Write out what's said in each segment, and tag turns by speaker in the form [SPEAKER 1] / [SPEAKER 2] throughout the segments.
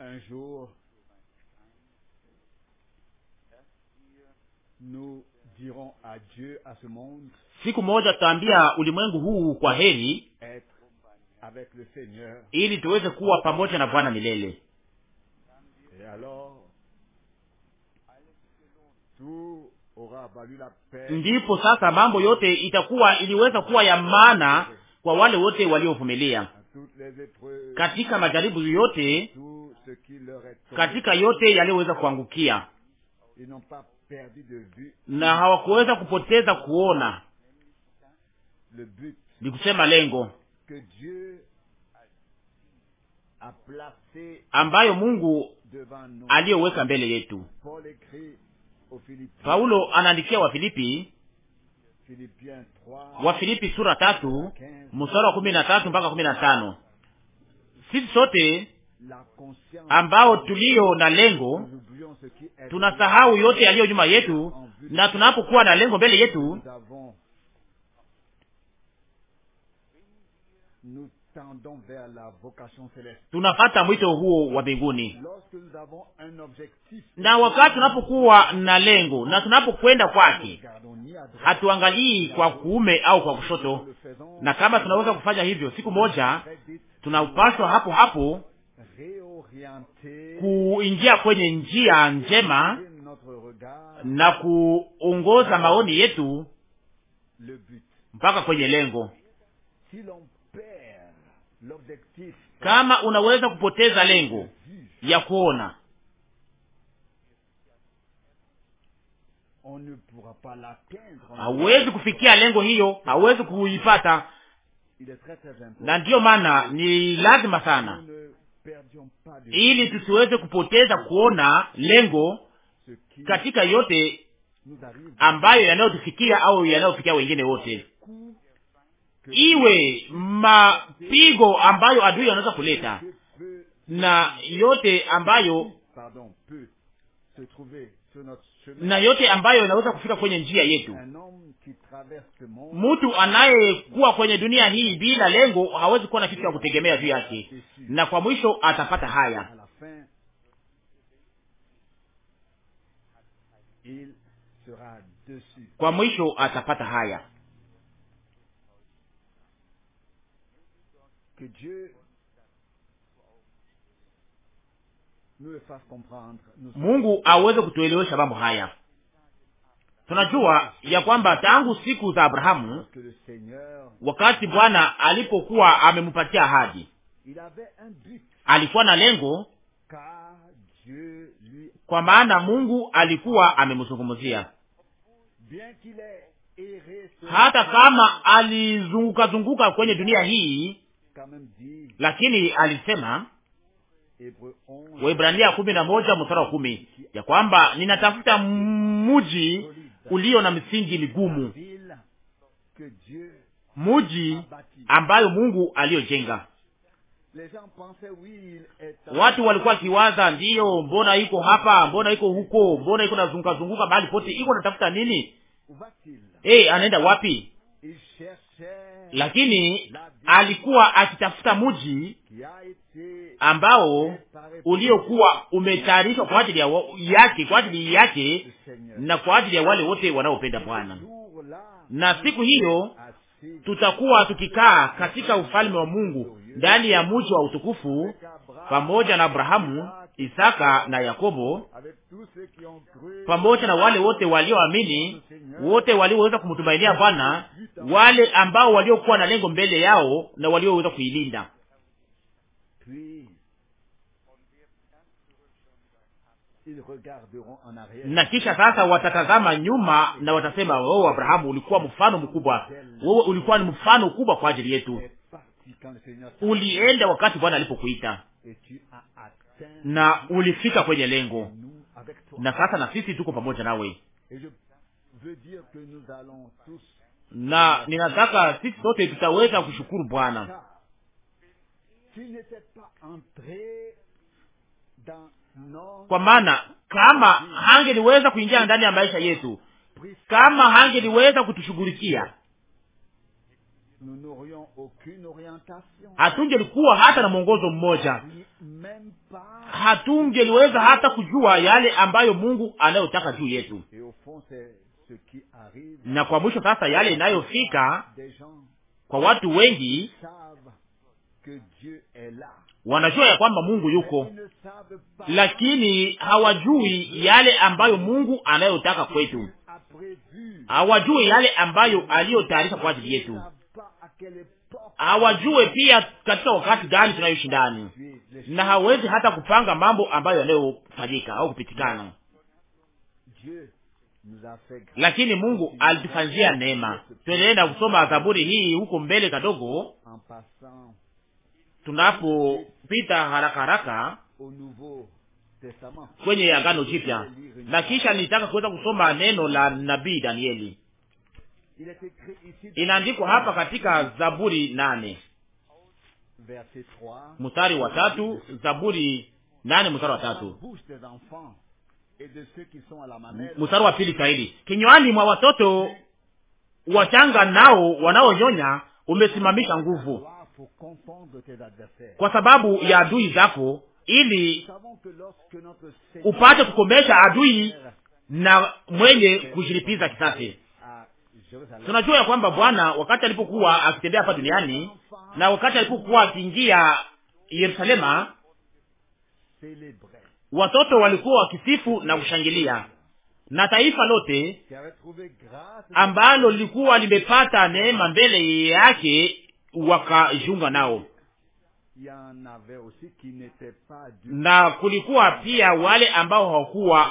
[SPEAKER 1] un jour, siku
[SPEAKER 2] moja tutaambia ulimwengu huu kwa heri, ili tuweze kuwa pamoja na Bwana milele. Ndipo sasa mambo yote itakuwa iliweza kuwa ya maana kwa wale wote waliovumilia
[SPEAKER 1] katika majaribu yote katika yote yaliyoweza
[SPEAKER 2] kuangukia, na hawakuweza kupoteza kuona, ni kusema lengo
[SPEAKER 1] ambayo Mungu aliyoweka mbele yetu. Paulo
[SPEAKER 2] anaandikia Wafilipi,
[SPEAKER 1] Wafilipi sura tatu
[SPEAKER 2] msara wa kumi na tatu mpaka kumi na tano. Sisi sote
[SPEAKER 1] ambao tulio na lengo, tunasahau yote yaliyo nyuma yetu, na tunapokuwa na lengo mbele yetu,
[SPEAKER 2] tunafata mwito huo wa mbinguni. Na wakati tunapokuwa na lengo na tunapokwenda kwake, hatuangalii kwa kuume au kwa kushoto, na kama tunaweza kufanya hivyo siku moja, tunapaswa hapo hapo kuingia kwenye njia njema na kuongoza maoni yetu mpaka kwenye lengo. Kama unaweza kupoteza lengo ya kuona, hauwezi kufikia lengo hiyo, hauwezi kuipata.
[SPEAKER 1] Na ndiyo maana ni lazima sana ili
[SPEAKER 2] tusiweze kupoteza kuona lengo katika yote ambayo yanayotufikia au yanayofikia wengine wote,
[SPEAKER 1] iwe
[SPEAKER 2] mapigo ambayo adui anaweza kuleta na yote ambayo
[SPEAKER 1] na yote ambayo
[SPEAKER 2] inaweza kufika kwenye njia yetu. Mtu anayekuwa kwenye dunia hii bila lengo hawezi kuwa na kitu cha kutegemea juu yake, na kwa mwisho atapata haya. Kwa mwisho atapata haya. Mungu aweze kutuelewesha mambo haya. Tunajua ya kwamba tangu siku za Abrahamu, wakati Bwana alipokuwa amemupatia ahadi, alikuwa na lengo, kwa maana Mungu alikuwa amemzungumzia.
[SPEAKER 1] Hata kama
[SPEAKER 2] alizunguka zunguka kwenye dunia hii, lakini alisema Waebrania kumi na moja mstari wa kumi ya kwamba ninatafuta muji ulio na misingi migumu, muji ambayo Mungu aliyojenga. Watu walikuwa kiwaza ndiyo, mbona iko hapa, mbona iko huko, mbona iko nazunguka zunguka mahali pote, iko natafuta nini?
[SPEAKER 1] Hey, eh, anaenda wapi? Lakini
[SPEAKER 2] alikuwa akitafuta mji ambao uliokuwa umetayarishwa kwa ajili ya yake, kwa ajili yake na kwa ajili ya wale wote wanaopenda Bwana. Na siku hiyo tutakuwa tukikaa katika ufalme wa Mungu ndani ya mji wa utukufu pamoja na Abrahamu, Isaka na Yakobo,
[SPEAKER 3] pamoja na wale
[SPEAKER 2] wote walioamini, wote walioweza kumtumainia Bwana, wale ambao waliokuwa na lengo mbele yao na walioweza kuilinda.
[SPEAKER 1] Na kisha sasa
[SPEAKER 2] watatazama nyuma na watasema, wewe oh, Abrahamu ulikuwa mfano mkubwa, wewe ulikuwa ni mfano mkubwa kwa ajili yetu ulienda wakati Bwana alipokuita
[SPEAKER 1] na ulifika kwenye
[SPEAKER 2] lengo, na sasa na sisi tuko pamoja nawe, na ninataka sisi sote tutaweza kushukuru Bwana kwa maana kama hangeliweza kuingia ndani ya maisha yetu, kama hangeliweza kutushughulikia hatungelikuwa hata na mwongozo mmoja, hatungeliweza hata kujua yale ambayo Mungu
[SPEAKER 3] anayotaka juu yetu.
[SPEAKER 1] Na kwa mwisho sasa, yale inayofika kwa watu wengi wanajua
[SPEAKER 2] ya kwamba Mungu yuko, lakini hawajui yale ambayo Mungu anayotaka kwetu, hawajui yale ambayo aliyotayarisha kwa ajili yetu
[SPEAKER 1] hawajue pia
[SPEAKER 2] katika wakati gani tunayoishi ndani, na hawezi hata kupanga mambo ambayo yanayofanyika au kupitikana.
[SPEAKER 1] Lakini Mungu alitufanyia
[SPEAKER 2] neema. Tuendelee na kusoma Zaburi hii huko mbele kadogo, tunapopita haraka haraka
[SPEAKER 1] kwenye Agano Jipya, na
[SPEAKER 2] kisha nitaka kuweza kusoma neno la nabii Danieli
[SPEAKER 1] Inaandikwa hapa
[SPEAKER 2] katika Zaburi nane
[SPEAKER 1] mstari wa tatu.
[SPEAKER 2] Zaburi nane mstari wa tatu, mstari wa pili zaidi, kinywani mwa watoto wachanga nao wanaonyonya umesimamisha nguvu
[SPEAKER 1] kwa sababu ya adui
[SPEAKER 2] zako, ili
[SPEAKER 1] upate kukomesha adui
[SPEAKER 2] na mwenye kujilipiza kisasi.
[SPEAKER 3] Tunajua ya kwamba
[SPEAKER 2] Bwana wakati alipokuwa akitembea hapa duniani na wakati alipokuwa akiingia Yerusalema, watoto walikuwa wakisifu na kushangilia, na taifa lote ambalo lilikuwa limepata neema mbele yake wakajunga nao na kulikuwa pia wale ambao hawakuwa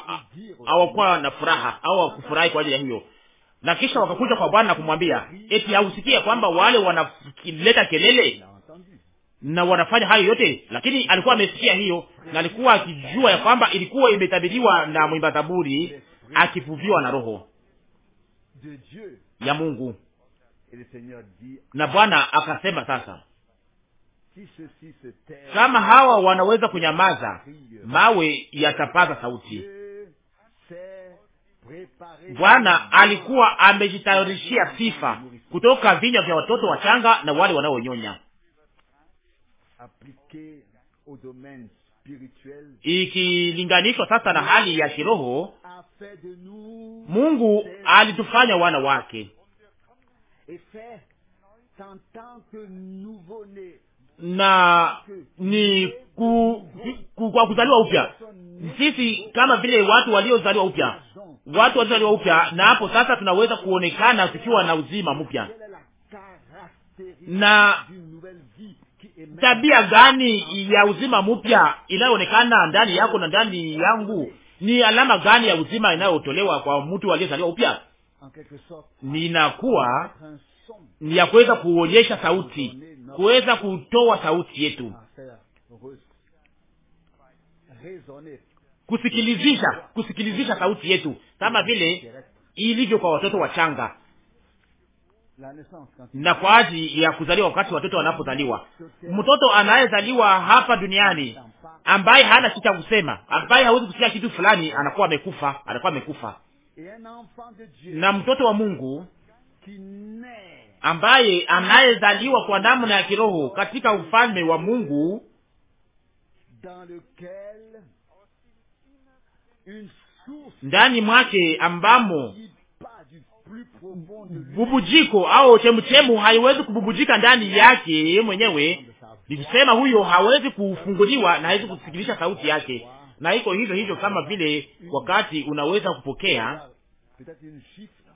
[SPEAKER 2] hawakuwa na furaha au hawakufurahi kwa ajili ya hiyo, na kisha wakakuja kwa Bwana na kumwambia eti, hausikia kwamba wale wanaleta kelele na wanafanya hayo yote? Lakini alikuwa amesikia hiyo na alikuwa akijua ya kwamba ilikuwa imetabiriwa na mwimba taburi, akivuviwa na roho ya Mungu. Na Bwana akasema sasa,
[SPEAKER 1] kama hawa
[SPEAKER 2] wanaweza kunyamaza, mawe yatapaza sauti. Bwana alikuwa amejitayarishia sifa kutoka vinywa vya watoto wachanga na wale wanaonyonya, ikilinganishwa sasa na hali ya kiroho. Mungu alitufanya wana wake na ni ku, ku, kwa kuzaliwa upya. Sisi kama vile watu waliozaliwa upya, watu waliozaliwa upya, na hapo sasa tunaweza kuonekana tukiwa na uzima mpya.
[SPEAKER 3] Na tabia gani
[SPEAKER 2] ya uzima mpya inayoonekana ndani yako na ndani yangu? Ni alama gani ya uzima inayotolewa kwa mtu aliyezaliwa upya?
[SPEAKER 3] Ninakuwa ni ya kuweza
[SPEAKER 2] kuonyesha sauti, kuweza kutoa sauti yetu kusikilizisha kusikilizisha sauti yetu
[SPEAKER 1] kama vile
[SPEAKER 2] ilivyo kwa watoto wachanga na kwa ajili ya kuzaliwa wakati watoto wanapozaliwa. Mtoto anayezaliwa hapa duniani ambaye hana kitu cha kusema, ambaye hawezi kusikia kitu fulani, anakuwa amekufa, anakuwa amekufa. Na mtoto wa Mungu ambaye anayezaliwa kwa namna ya kiroho katika ufalme wa Mungu
[SPEAKER 1] ndani mwake
[SPEAKER 2] ambamo bubujiko au chemuchemu haiwezi kububujika ndani yake yeye mwenyewe. Nikusema huyo hawezi kufunguliwa na hawezi kusikilisha sauti yake, na iko hivyo hivyo, kama vile wakati unaweza kupokea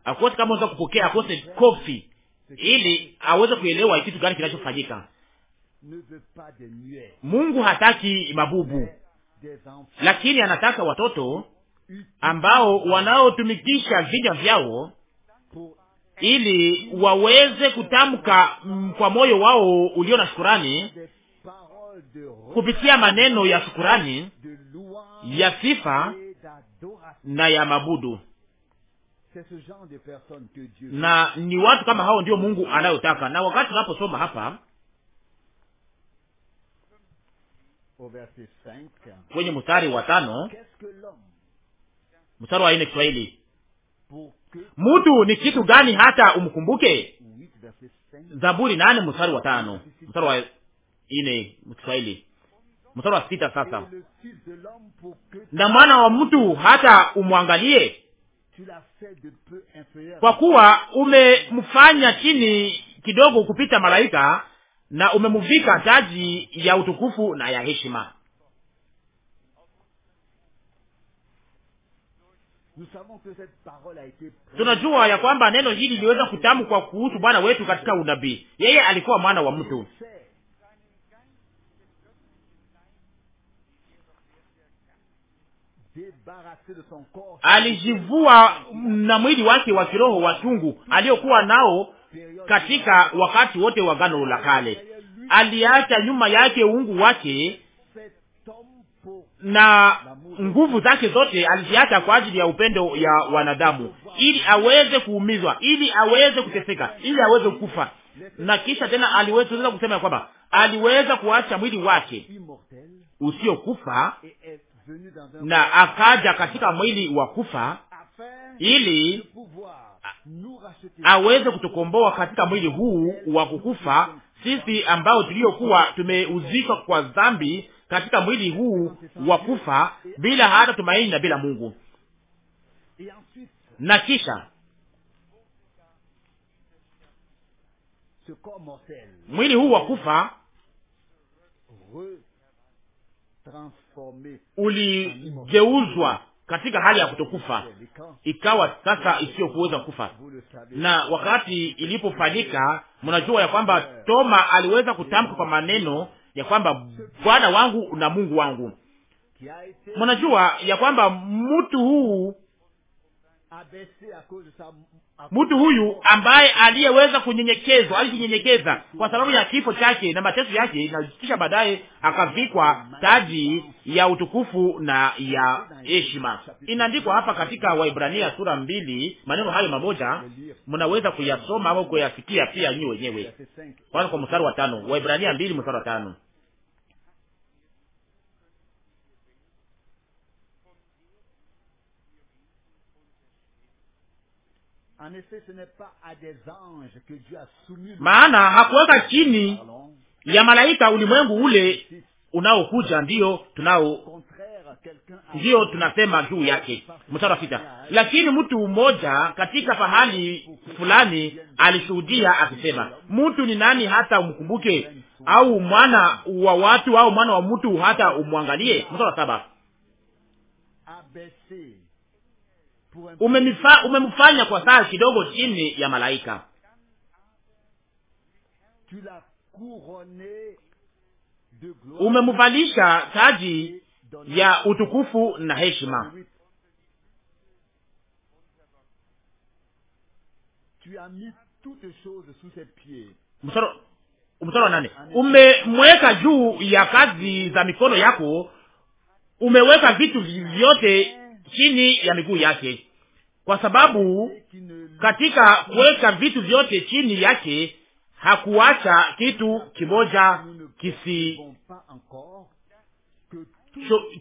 [SPEAKER 2] akose, kama unaweza kupokea akose kofi ili aweze kuelewa kitu gani kinachofanyika. Mungu hataki mabubu, lakini anataka watoto ambao wanaotumikisha vinywa vyao ili waweze kutamka kwa moyo wao ulio na shukurani, kupitia maneno ya shukurani, ya sifa na ya mabudu. Na ni watu kama hao ndio Mungu anayotaka. Na wakati tunaposoma hapa
[SPEAKER 1] kwenye mstari wa tano
[SPEAKER 2] mstari wa ine Kiswahili, mtu ni kitu gani hata umkumbuke? Zaburi nane mstari wa tano mstari wa ine Kiswahili, mstari wa sita Sasa na mwana wa mtu hata umwangalie, kwa kuwa umemfanya chini kidogo kupita malaika na umemuvika taji ya utukufu na ya heshima. Tunajua ya kwamba neno hili liliweza kutamkwa kuhusu Bwana wetu katika unabii. Yeye alikuwa mwana wa mtu, alijivua na mwili wake wa kiroho wa chungu aliyokuwa nao katika wakati wote wa gano la Kale. Aliacha nyuma yake uungu wake na nguvu zake zote aliziacha kwa ajili ya upendo ya wanadamu, ili aweze kuumizwa, ili aweze kuteseka, ili aweze kufa. Na kisha tena aliweza kusema ya kwamba aliweza kuacha mwili wake
[SPEAKER 3] usiokufa na akaja
[SPEAKER 2] katika mwili wa kufa
[SPEAKER 1] ili
[SPEAKER 3] Ah, aweze
[SPEAKER 2] kutukomboa katika mwili huu wa kukufa, sisi ambao tuliokuwa tumeuzika kwa dhambi katika mwili huu wa kufa, bila hata tumaini na bila Mungu. Na kisha mwili huu wa kufa uligeuzwa katika hali ya kutokufa ikawa sasa isiyokuweza kufa. Na wakati ilipofanyika, mnajua ya kwamba Toma aliweza kutamka kwa maneno ya kwamba Bwana wangu na Mungu wangu. Mnajua ya kwamba mtu huu mtu huyu ambaye aliyeweza kunyenyekezwa, alijinyenyekeza kwa sababu ya kifo chake na mateso yake, na kisha baadaye akavikwa taji ya utukufu na ya heshima. Inaandikwa hapa katika Waibrania sura mbili, maneno hayo mamoja mnaweza kuyasoma au kuyafikia pia nyi wenyewe, kwanza kwa mstari wa tano. Waibrania mbili mstari wa tano. maana hakuweka chini ya malaika ulimwengu ule unaokuja, ndiyo tunao, ndiyo tunasema juu yake. Mstari wa sita, lakini mtu mmoja katika pahali fulani alishuhudia akisema, mtu ni nani hata umkumbuke, au mwana wa watu au mwana wa mtu hata umwangalie? Mstari wa saba umemfanya kwa saa kidogo chini ya malaika, umemvalisha taji ya utukufu na heshima, mstari wa nane, umemweka juu ya kazi za mikono yako, umeweka vitu vyote chini ya miguu yake, kwa sababu katika kuweka vitu vyote chini yake hakuacha kitu kimoja kisi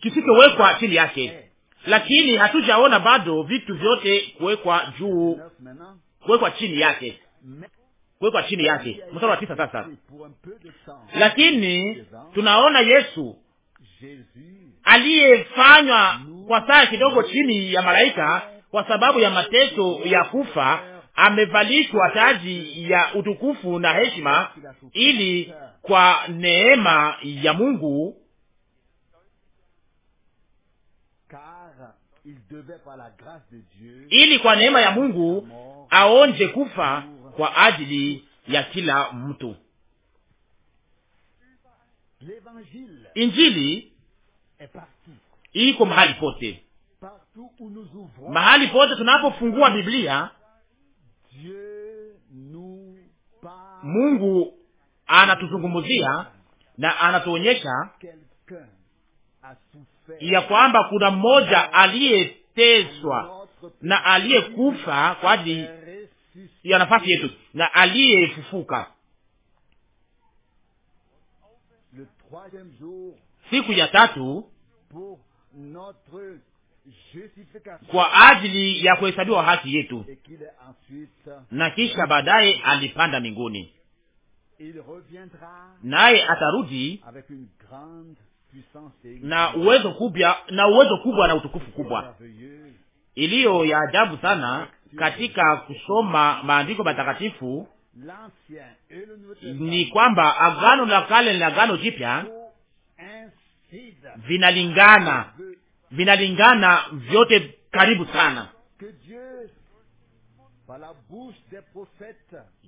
[SPEAKER 2] kisichowekwa chini yake. Lakini hatujaona bado vitu vyote kuwekwa juu, kuwekwa chini yake, kuwekwa chini yake. Mstari wa tisa sasa,
[SPEAKER 1] lakini
[SPEAKER 2] tunaona Yesu aliyefanywa kwa saa kidogo chini ya malaika kwa sababu ya mateso ya kufa, amevalishwa taji ya utukufu na heshima, ili kwa neema ya Mungu ili kwa neema ya Mungu aonje kufa kwa ajili ya kila mtu.
[SPEAKER 1] Injili
[SPEAKER 2] iko mahali pote, mahali pote tunapofungua Biblia. Mungu anatuzungumzia na anatuonyesha ya kwamba kuna mmoja aliyeteswa na aliyekufa kwa ajili ya nafasi yetu na aliyefufuka siku ya tatu
[SPEAKER 1] kwa ajili ya kuhesabiwa haki yetu, na kisha baadaye alipanda mbinguni, naye atarudi
[SPEAKER 3] na
[SPEAKER 2] uwezo kubwa na uwezo kubwa na utukufu kubwa iliyo ya ajabu sana. Katika kusoma maandiko matakatifu ni kwamba Agano la Kale na Agano Jipya vinalingana, vinalingana vyote karibu sana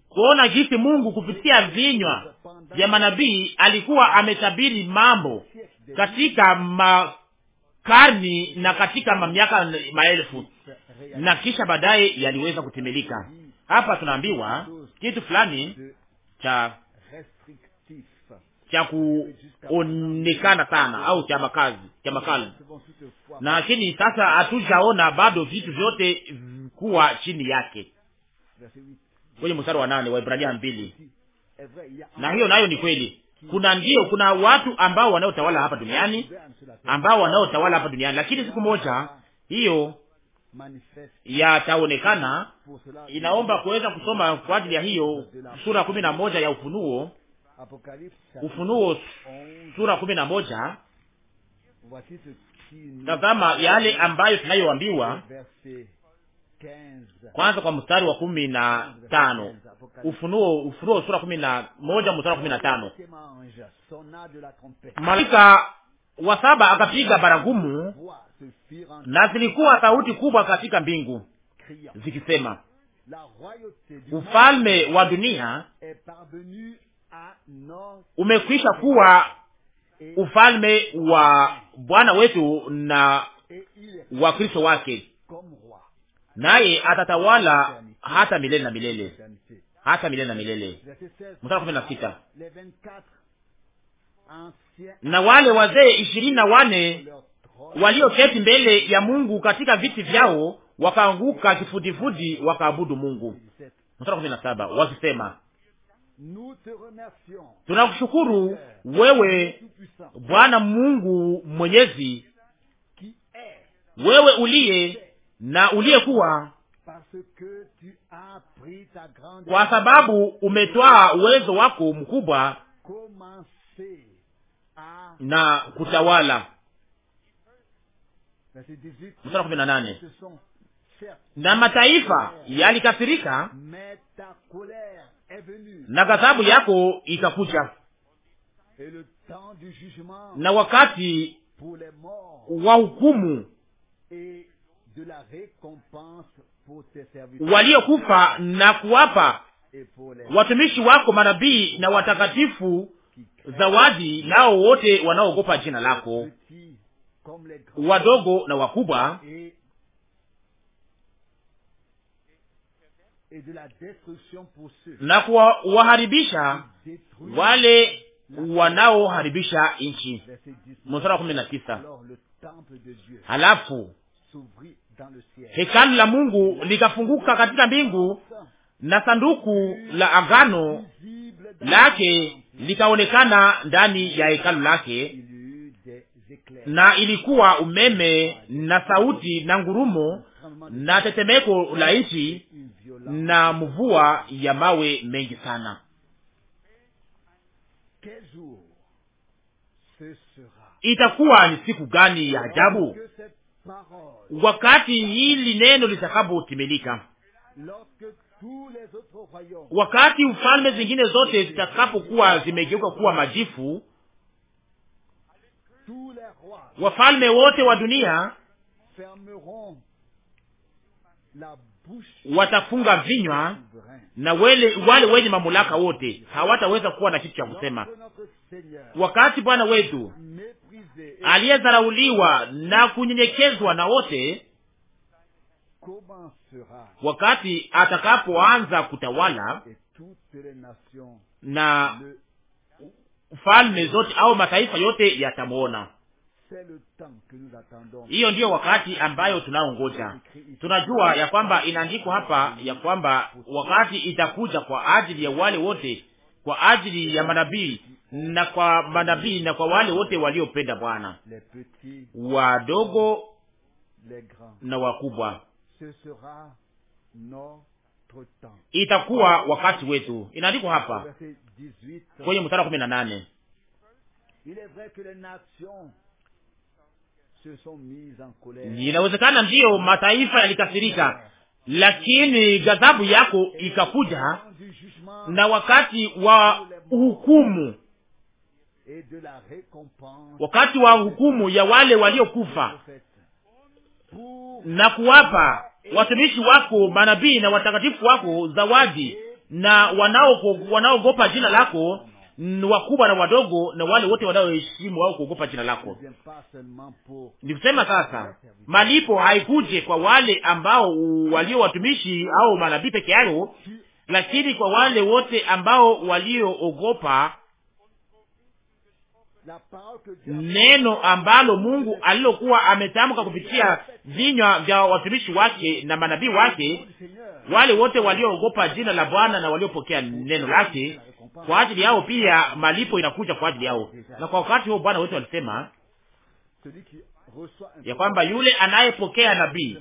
[SPEAKER 2] kuona jinsi Mungu kupitia vinywa vya manabii alikuwa ametabiri mambo katika makarni na katika mamiaka maelfu, na kisha baadaye yaliweza kutimilika. Hapa tunaambiwa kitu fulani cha cha kuonekana sana au cha makazi cha makali,
[SPEAKER 3] lakini sasa hatujaona
[SPEAKER 2] bado vitu vyote kuwa chini yake, kwenye mstari wa nane wa Ibrania mbili.
[SPEAKER 1] Na hiyo nayo ni kweli, kuna ndio,
[SPEAKER 2] kuna watu ambao wanaotawala hapa duniani, ambao wanaotawala hapa duniani, lakini siku moja hiyo
[SPEAKER 1] yataonekana.
[SPEAKER 2] Inaomba kuweza kusoma kwa ajili ya hiyo sura kumi na moja ya Ufunuo
[SPEAKER 1] Ufunuo sura
[SPEAKER 2] kumi na moja
[SPEAKER 1] tazama yale ambayo tunayoambiwa kwanza kwa
[SPEAKER 2] mstari wa kumi na tano Ufunuo, Ufunuo sura kumi na moja mstari wa kumi na tano
[SPEAKER 1] malaika
[SPEAKER 2] wa saba akapiga baragumu, na zilikuwa sauti kubwa katika mbingu zikisema,
[SPEAKER 1] ufalme
[SPEAKER 2] wa dunia umekwisha kuwa ufalme wa Bwana wetu na wa Kristo wake, naye atatawala hata milele na milele, hata milele na milele.
[SPEAKER 1] Mstari kumi na sita na wale wazee
[SPEAKER 2] ishirini na wane walioketi mbele ya Mungu katika viti vyao wakaanguka kifudifudi wakaabudu Mungu. Mstari kumi na saba wakisema Tunakushukuru wewe Bwana Mungu Mwenyezi, wewe uliye na uliyekuwa,
[SPEAKER 1] kwa sababu umetwaa
[SPEAKER 2] uwezo wako mkubwa na kutawala.
[SPEAKER 1] na na mataifa yalikasirika na ghadhabu yako itakuja, na wakati
[SPEAKER 2] wa hukumu waliokufa na kuwapa watumishi wako manabii na watakatifu zawadi, nao wote wanaogopa jina lako,
[SPEAKER 1] wadogo na wakubwa na
[SPEAKER 2] kuwaharibisha wale wanaoharibisha nchi. Mstari wa kumi na tisa.
[SPEAKER 1] Halafu hekalu la
[SPEAKER 2] Mungu likafunguka katika mbingu na sanduku la agano lake likaonekana ndani ya hekalu lake, na ilikuwa umeme na sauti na ngurumo na tetemeko la nchi na mvua ya mawe mengi sana. Itakuwa ni siku gani ya ajabu wakati hili neno litakapotimilika, wakati ufalme zingine zote zitakapokuwa zimegeuka kuwa majifu, wafalme wote wa dunia watafunga vinywa na wale, wale wenye mamlaka wote hawataweza kuwa na kitu cha kusema.
[SPEAKER 3] Wakati Bwana wetu
[SPEAKER 2] aliyedharauliwa na kunyenyekezwa na wote,
[SPEAKER 1] wakati atakapoanza kutawala na
[SPEAKER 2] falme zote au mataifa yote yatamwona.
[SPEAKER 1] Hiyo ndiyo wakati
[SPEAKER 2] ambayo tunaongoja. Tunajua ya kwamba inaandikwa hapa ya kwamba wakati itakuja kwa ajili ya wale wote, kwa ajili ya manabii na kwa manabii na kwa wale wote waliopenda Bwana, wadogo
[SPEAKER 1] na wakubwa. Itakuwa wakati wetu, inaandikwa hapa kwenye mstari
[SPEAKER 2] wa kumi na nane. Inawezekana ndiyo mataifa yalikasirika, lakini ghadhabu yako ikakuja, na wakati wa hukumu, wakati wa hukumu ya wale waliokufa na kuwapa watumishi wako manabii na watakatifu wako zawadi na wanaogopa wanao jina lako wakubwa na wadogo na wale wote wanaoheshimu au kuogopa jina lako. Ni kusema sasa, malipo haikuje kwa wale ambao walio watumishi au manabii peke yao, lakini kwa wale wote ambao walioogopa neno ambalo Mungu alilokuwa ametamka kupitia vinywa vya watumishi wake na manabii wake, wale wote walioogopa jina la Bwana na waliopokea neno lake kwa ajili yao pia malipo inakuja kwa ajili yao. Na kwa wakati huo Bwana wetu alisema ya kwamba yule anayepokea nabii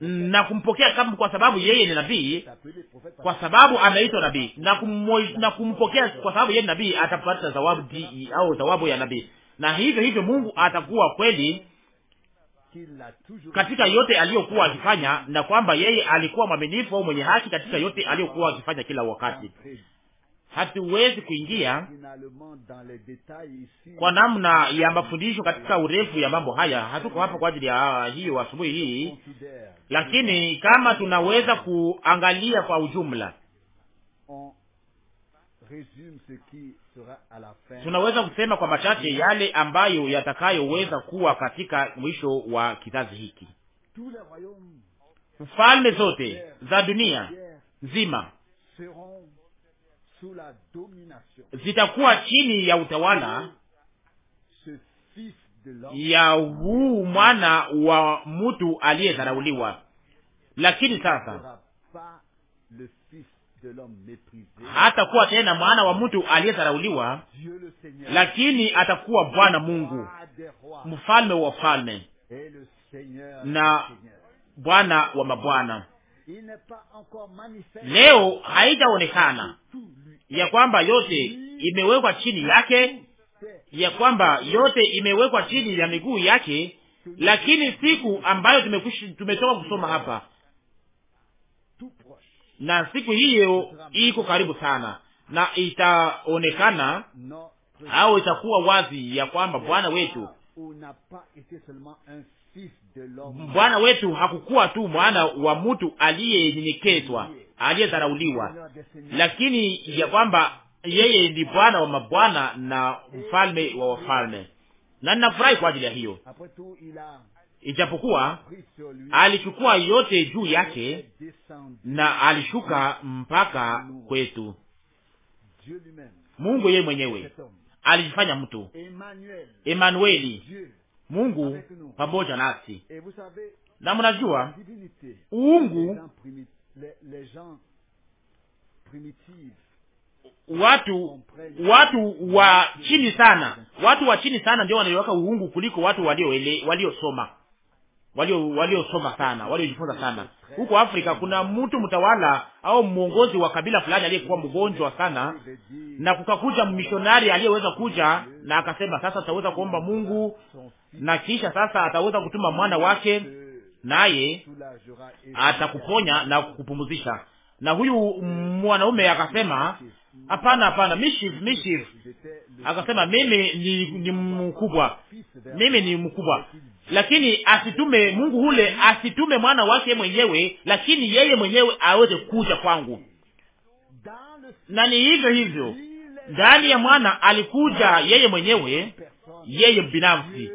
[SPEAKER 2] na kumpokea kama kwa sababu yeye ni nabii, kwa sababu ameitwa nabii na, na kumpokea kwa sababu yeye ni nabii, atapata zawadi au zawabu ya nabii, na hivyo hivyo Mungu atakuwa kweli
[SPEAKER 3] katika yote aliyokuwa
[SPEAKER 2] akifanya, na kwamba yeye alikuwa mwaminifu au mwenye haki katika yote aliyokuwa akifanya kila wakati hatuwezi kuingia
[SPEAKER 1] kwa namna ya
[SPEAKER 2] mafundisho katika urefu ya mambo haya. Hatuko hapa kwa ajili ya hiyo asubuhi hii, lakini kama tunaweza kuangalia kwa ujumla,
[SPEAKER 1] tunaweza kusema kwa machache yale
[SPEAKER 2] ambayo yatakayoweza kuwa katika mwisho wa kizazi hiki. Falme zote za dunia nzima zitakuwa chini ya utawala ya huu mwana wa mtu aliyedharauliwa. Lakini sasa
[SPEAKER 1] hatakuwa tena mwana
[SPEAKER 2] wa mtu aliyedharauliwa, lakini atakuwa Bwana Mungu, mfalme wa falme na Bwana wa mabwana. Leo haijaonekana ya kwamba yote imewekwa chini yake, ya kwamba yote imewekwa chini ya miguu yake. Lakini siku ambayo tumetoka kusoma hapa na siku hiyo iko karibu sana, na itaonekana au itakuwa wazi ya kwamba Bwana wetu Bwana wetu hakukuwa tu mwana wa mtu aliyenyenyekezwa, aliyedharauliwa, lakini ya kwamba yeye ni Bwana wa mabwana na mfalme wa wafalme, na ninafurahi kwa ajili ya hiyo, ijapokuwa alichukua yote juu yake na alishuka mpaka kwetu. Mungu yeye mwenyewe alijifanya mtu emanueli
[SPEAKER 3] Mungu pamoja nasi, na mnajua uungu
[SPEAKER 2] watu watu wa chini sana, watu wa chini sana ndio wanaliwaka uungu kuliko watu waliosoma walio walio waliosoma sana, waliojifunza sana. Huko Afrika kuna mtu mtawala au mwongozi wa kabila fulani aliyekuwa mgonjwa sana, na kukakuja mishonari aliyeweza kuja na akasema, sasa ataweza kuomba Mungu na kisha sasa ataweza kutuma mwana wake, naye
[SPEAKER 3] atakuponya
[SPEAKER 2] na kukupumzisha. Na huyu mwanaume akasema Hapana, hapana, mishiv mishiv. Akasema mimi ni, ni mkubwa, mimi ni mkubwa, lakini asitume Mungu ule asitume mwana wake mwenyewe, lakini yeye mwenyewe aweze kuja kwangu. Na ni hivyo hivyo ndani ya mwana alikuja yeye mwenyewe, yeye binafsi,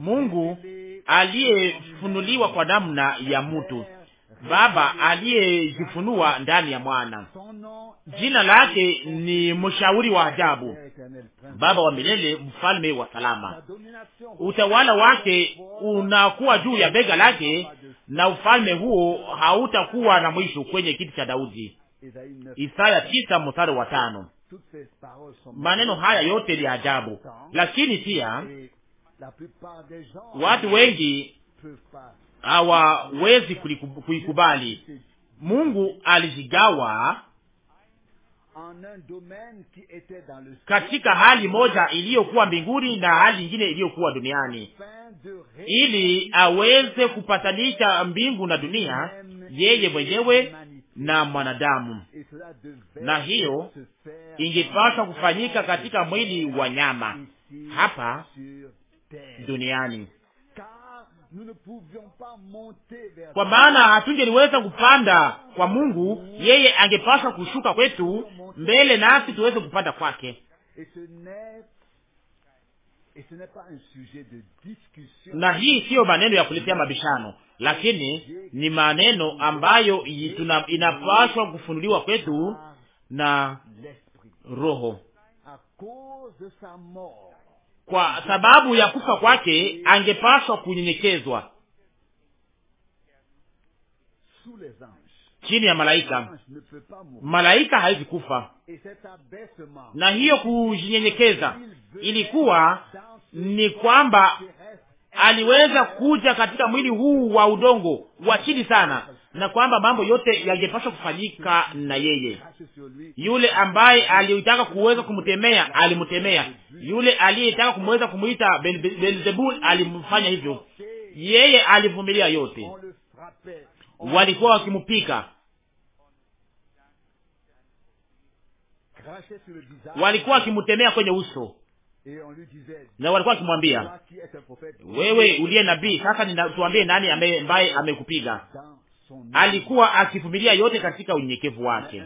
[SPEAKER 2] Mungu aliyefunuliwa kwa namna ya mtu. Baba aliyejifunua ndani ya mwana. Jina lake ni mshauri wa ajabu, Baba wa milele, mfalme wa salama. Utawala wake unakuwa juu ya bega lake, na ufalme huo hautakuwa na mwisho, kwenye kiti cha Daudi.
[SPEAKER 3] Isaya tisa
[SPEAKER 2] mstari wa tano.
[SPEAKER 3] Maneno haya
[SPEAKER 2] yote ni ajabu, lakini pia
[SPEAKER 1] watu wengi
[SPEAKER 2] hawawezi kuikubali. Mungu alijigawa katika hali moja iliyokuwa mbinguni na hali ingine iliyokuwa duniani, ili aweze kupatanisha mbingu na dunia, yeye mwenyewe na mwanadamu, na hiyo ingepaswa kufanyika katika mwili wa nyama hapa duniani kwa maana hatungeliweza kupanda kwa Mungu, yeye angepaswa kushuka kwetu mbele nasi tuweze kupanda kwake na hii siyo maneno ya kuletea mabishano, lakini ni maneno ambayo ituna, inapaswa kufunuliwa kwetu na Roho kwa sababu ya kufa kwake angepaswa kunyenyekezwa
[SPEAKER 1] chini ya malaika. Malaika hawezi kufa,
[SPEAKER 2] na hiyo kunyenyekeza ilikuwa ni kwamba aliweza kuja katika mwili huu wa udongo wa chini sana, na kwamba mambo yote yangepaswa kufanyika na yeye. Yule ambaye aliyetaka kuweza kumtemea alimtemea, yule aliyetaka kumweza kumwita Belzebul alimfanya hivyo. Yeye alivumilia yote, walikuwa wakimupika
[SPEAKER 1] walikuwa wakimtemea kwenye uso, na walikuwa wakimwambia,
[SPEAKER 3] wewe
[SPEAKER 2] uliye nabii, sasa tuambie nani ambaye amekupiga. Alikuwa akivumilia yote katika unyenyekevu wake,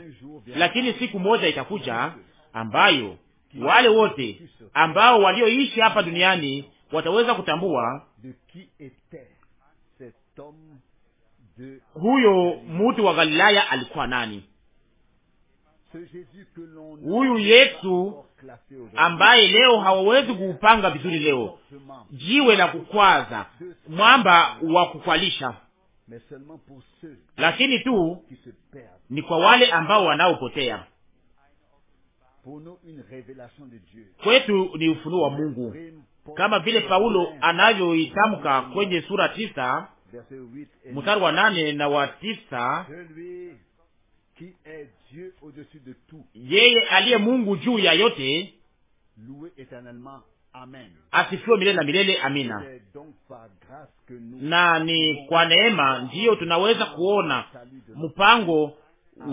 [SPEAKER 2] lakini siku moja itakuja ambayo wale wote ambao walioishi hapa duniani wataweza kutambua huyo mtu wa Galilaya alikuwa nani, huyu Yesu ambaye leo hawawezi kuupanga vizuri, leo jiwe la kukwaza, mwamba wa kukwalisha,
[SPEAKER 1] lakini tu
[SPEAKER 2] ni kwa wale ambao wanaopotea. Kwetu ni ufunuo wa Mungu kama vile Paulo anavyoitamka kwenye sura tisa
[SPEAKER 1] mstari wa nane
[SPEAKER 2] na wa tisa
[SPEAKER 1] yeye aliye Mungu
[SPEAKER 2] juu ya yote
[SPEAKER 1] asifiwe milele na milele. Amina. Na ni
[SPEAKER 2] kwa neema ndiyo tunaweza kuona mpango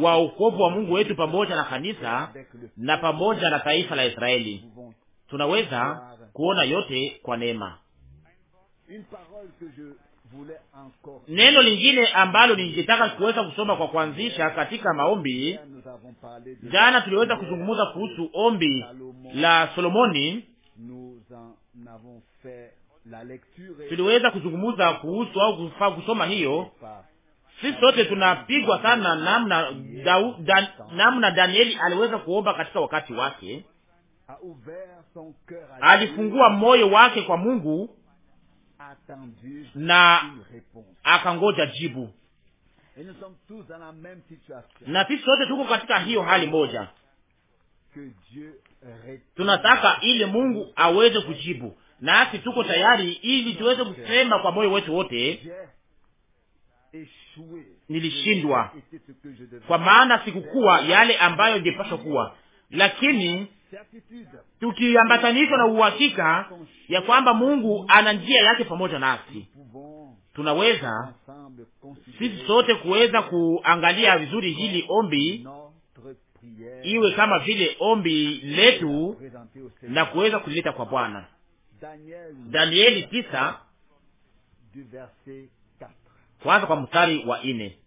[SPEAKER 2] wa ukovu wa Mungu wetu pamoja na kanisa na pamoja na taifa la Israeli. Tunaweza kuona yote kwa neema.
[SPEAKER 1] Neno lingine
[SPEAKER 2] ambalo ningetaka kuweza kusoma kwa kuanzisha katika maombi, eh, jana tuliweza kuzungumza kuhusu ombi la Solomoni. Tuliweza kuzungumza kuhusu au kusoma hiyo. Sisi sote tunapigwa sana namna da, dan, namna Danieli aliweza kuomba katika wakati wake,
[SPEAKER 1] alifungua
[SPEAKER 2] moyo wake kwa Mungu na akangoja jibu, na sisi sote tuko katika hiyo hali moja,
[SPEAKER 1] tunataka
[SPEAKER 2] ili Mungu aweze kujibu, nasi tuko tayari ili tuweze kusema kwa moyo wetu wote,
[SPEAKER 1] nilishindwa, kwa maana sikukuwa yale
[SPEAKER 2] ambayo ingepaswa kuwa, lakini
[SPEAKER 3] tukiambatanishwa na
[SPEAKER 2] uhakika ya kwamba Mungu ana njia yake pamoja nasi, tunaweza sisi sote kuweza kuangalia vizuri hili ombi iwe kama vile ombi letu na kuweza kulileta kwa Bwana. Danieli tisa kwanza kwa mstari wa nne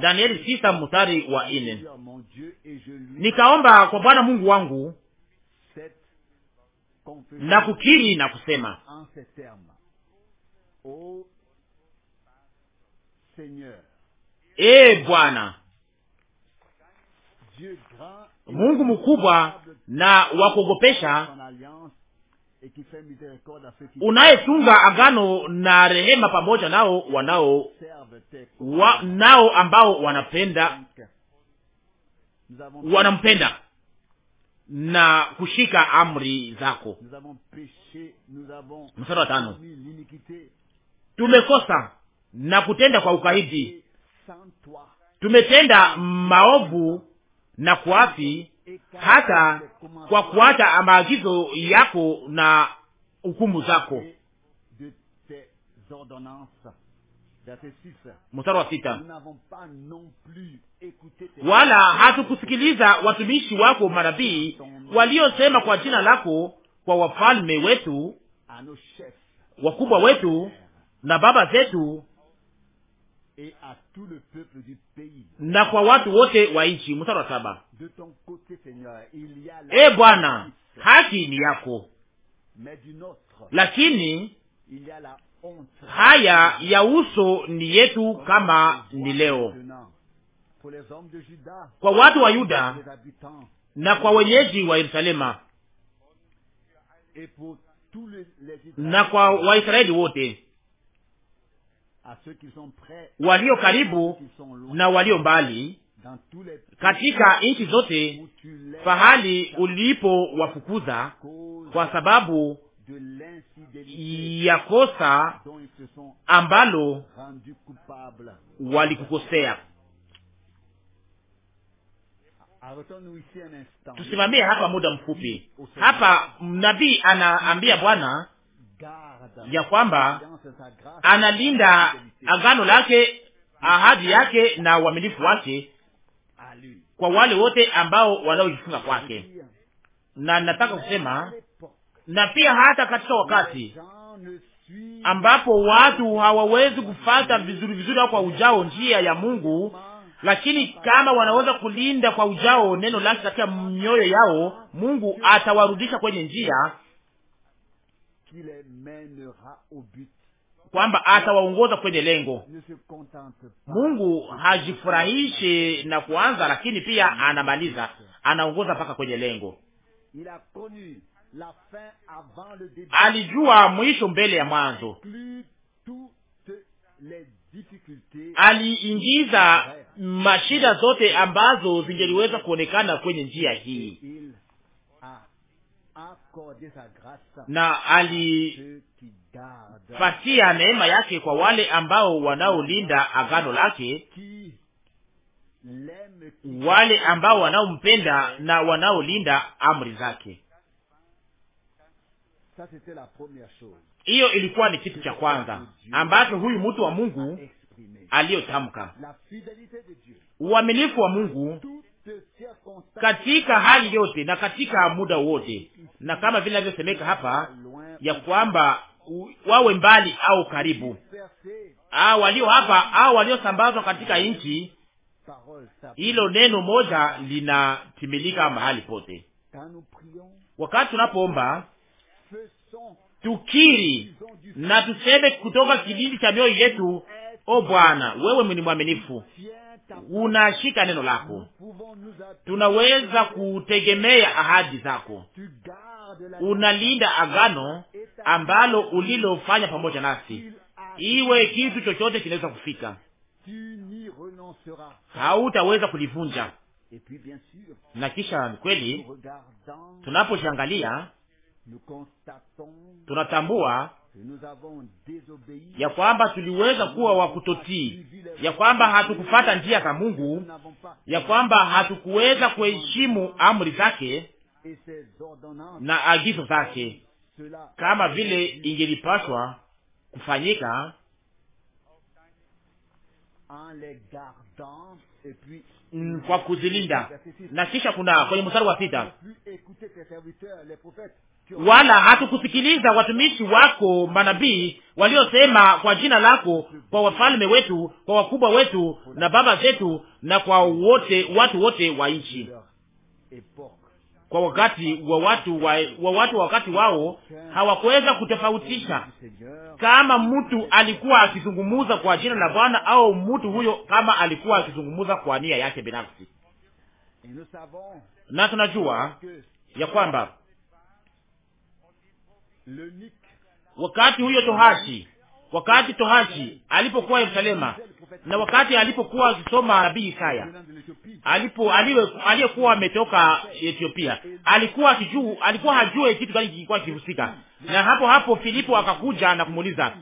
[SPEAKER 1] Danieli sita mstari wa ine. Nikaomba kwa Bwana
[SPEAKER 2] Mungu wangu
[SPEAKER 1] na kukiri na kusema,
[SPEAKER 2] Ee Bwana Mungu mkubwa na wakuogopesha
[SPEAKER 1] unayetunga
[SPEAKER 2] agano na rehema pamoja nao wanao wa, nao ambao wanapenda
[SPEAKER 1] wanampenda
[SPEAKER 2] na kushika amri zako.
[SPEAKER 1] msara wa tano,
[SPEAKER 2] tumekosa na kutenda kwa ukaidi, tumetenda maovu na kuafi
[SPEAKER 1] hata kwa
[SPEAKER 2] kuacha maagizo yako na hukumu zako.
[SPEAKER 1] Mstari wa sita. Wala
[SPEAKER 2] hatukusikiliza watumishi wako manabii waliosema kwa jina lako kwa wafalme wetu, wakubwa wetu na baba zetu
[SPEAKER 1] na kwa watu wote
[SPEAKER 2] wa nchi. Mstari wa saba.
[SPEAKER 1] E Bwana, haki
[SPEAKER 2] ni yako, lakini
[SPEAKER 1] haya
[SPEAKER 2] ya uso ni yetu kama ni leo.
[SPEAKER 1] Kwa watu wa Yuda na kwa
[SPEAKER 2] wenyeji wa Yerusalema
[SPEAKER 1] na kwa Waisraeli wote walio karibu na
[SPEAKER 2] walio mbali,
[SPEAKER 1] katika nchi
[SPEAKER 2] zote pahali wafukuza kwa sababu
[SPEAKER 1] ya kosa ambalo
[SPEAKER 2] walikukosea.
[SPEAKER 1] Ah, Tusimamie hapa muda mfupi
[SPEAKER 2] hapa. Nabii anaambia Bwana
[SPEAKER 1] ya kwamba analinda
[SPEAKER 2] agano lake, ahadi yake na uaminifu wake kwa wale wote ambao wanaojifunga kwake. Na nataka kusema na pia hata katika wakati ambapo watu hawawezi kufata vizuri vizuri au kwa ujao njia ya Mungu, lakini kama wanaweza kulinda kwa ujao neno lake katika mioyo yao, Mungu atawarudisha kwenye njia kwamba atawaongoza kwenye lengo. Mungu hajifurahishi na kuanza, lakini pia anamaliza, anaongoza mpaka kwenye lengo.
[SPEAKER 1] Alijua
[SPEAKER 2] mwisho mbele ya mwanzo,
[SPEAKER 1] aliingiza
[SPEAKER 2] mashida zote ambazo zingeliweza kuonekana kwenye njia hii
[SPEAKER 1] na alifasia neema yake kwa wale ambao wanaolinda agano lake, wale
[SPEAKER 2] ambao wanaompenda na wanaolinda amri zake. Hiyo ilikuwa ni kitu cha kwanza ambacho huyu mtu wa Mungu aliyotamka, uaminifu wa Mungu katika hali yote na katika muda wote, na kama vile inavyosemeka hapa ya kwamba wawe mbali au karibu, au walio hapa au waliosambazwa katika nchi, hilo neno moja linatimilika mahali pote. Wakati tunapoomba tukiri na tuseme kutoka kilindi cha mioyo yetu, o Bwana, wewe ni mwaminifu unashika neno lako, tunaweza kutegemea ahadi zako. Unalinda agano ambalo ulilofanya pamoja nasi, iwe kitu chochote kinaweza kufika,
[SPEAKER 1] hautaweza
[SPEAKER 2] kulivunja.
[SPEAKER 1] Na kisha kweli, tunaposhangalia tunatambua ya kwamba
[SPEAKER 2] tuliweza kuwa wa kutotii, ya kwamba hatukufata njia za Mungu, ya kwamba hatukuweza kuheshimu amri zake
[SPEAKER 1] na agizo zake kama vile ingelipaswa
[SPEAKER 2] kufanyika
[SPEAKER 1] mm, kwa kuzilinda. Na kisha kuna kwenye mstari wa sita wala
[SPEAKER 2] hatukusikiliza watumishi wako manabii waliosema kwa jina lako, kwa wafalme wetu, kwa wakubwa wetu na baba zetu, na kwa wote watu wote wa nchi, kwa wakati wa watu wa, wa watu wakati wao hawakuweza kutofautisha kama mtu alikuwa akizungumuza kwa jina la Bwana au mtu huyo kama alikuwa akizungumuza kwa nia yake binafsi, na tunajua ya kwamba wakati huyo tohashi wakati tohashi alipokuwa Yerusalema na wakati alipokuwa akisoma nabii Isaya alipo aliyekuwa ametoka Ethiopia, alikuwa akijuu, alikuwa hajue kitu gani kilikuwa kihusika. Na hapo hapo Filipo akakuja na kumuuliza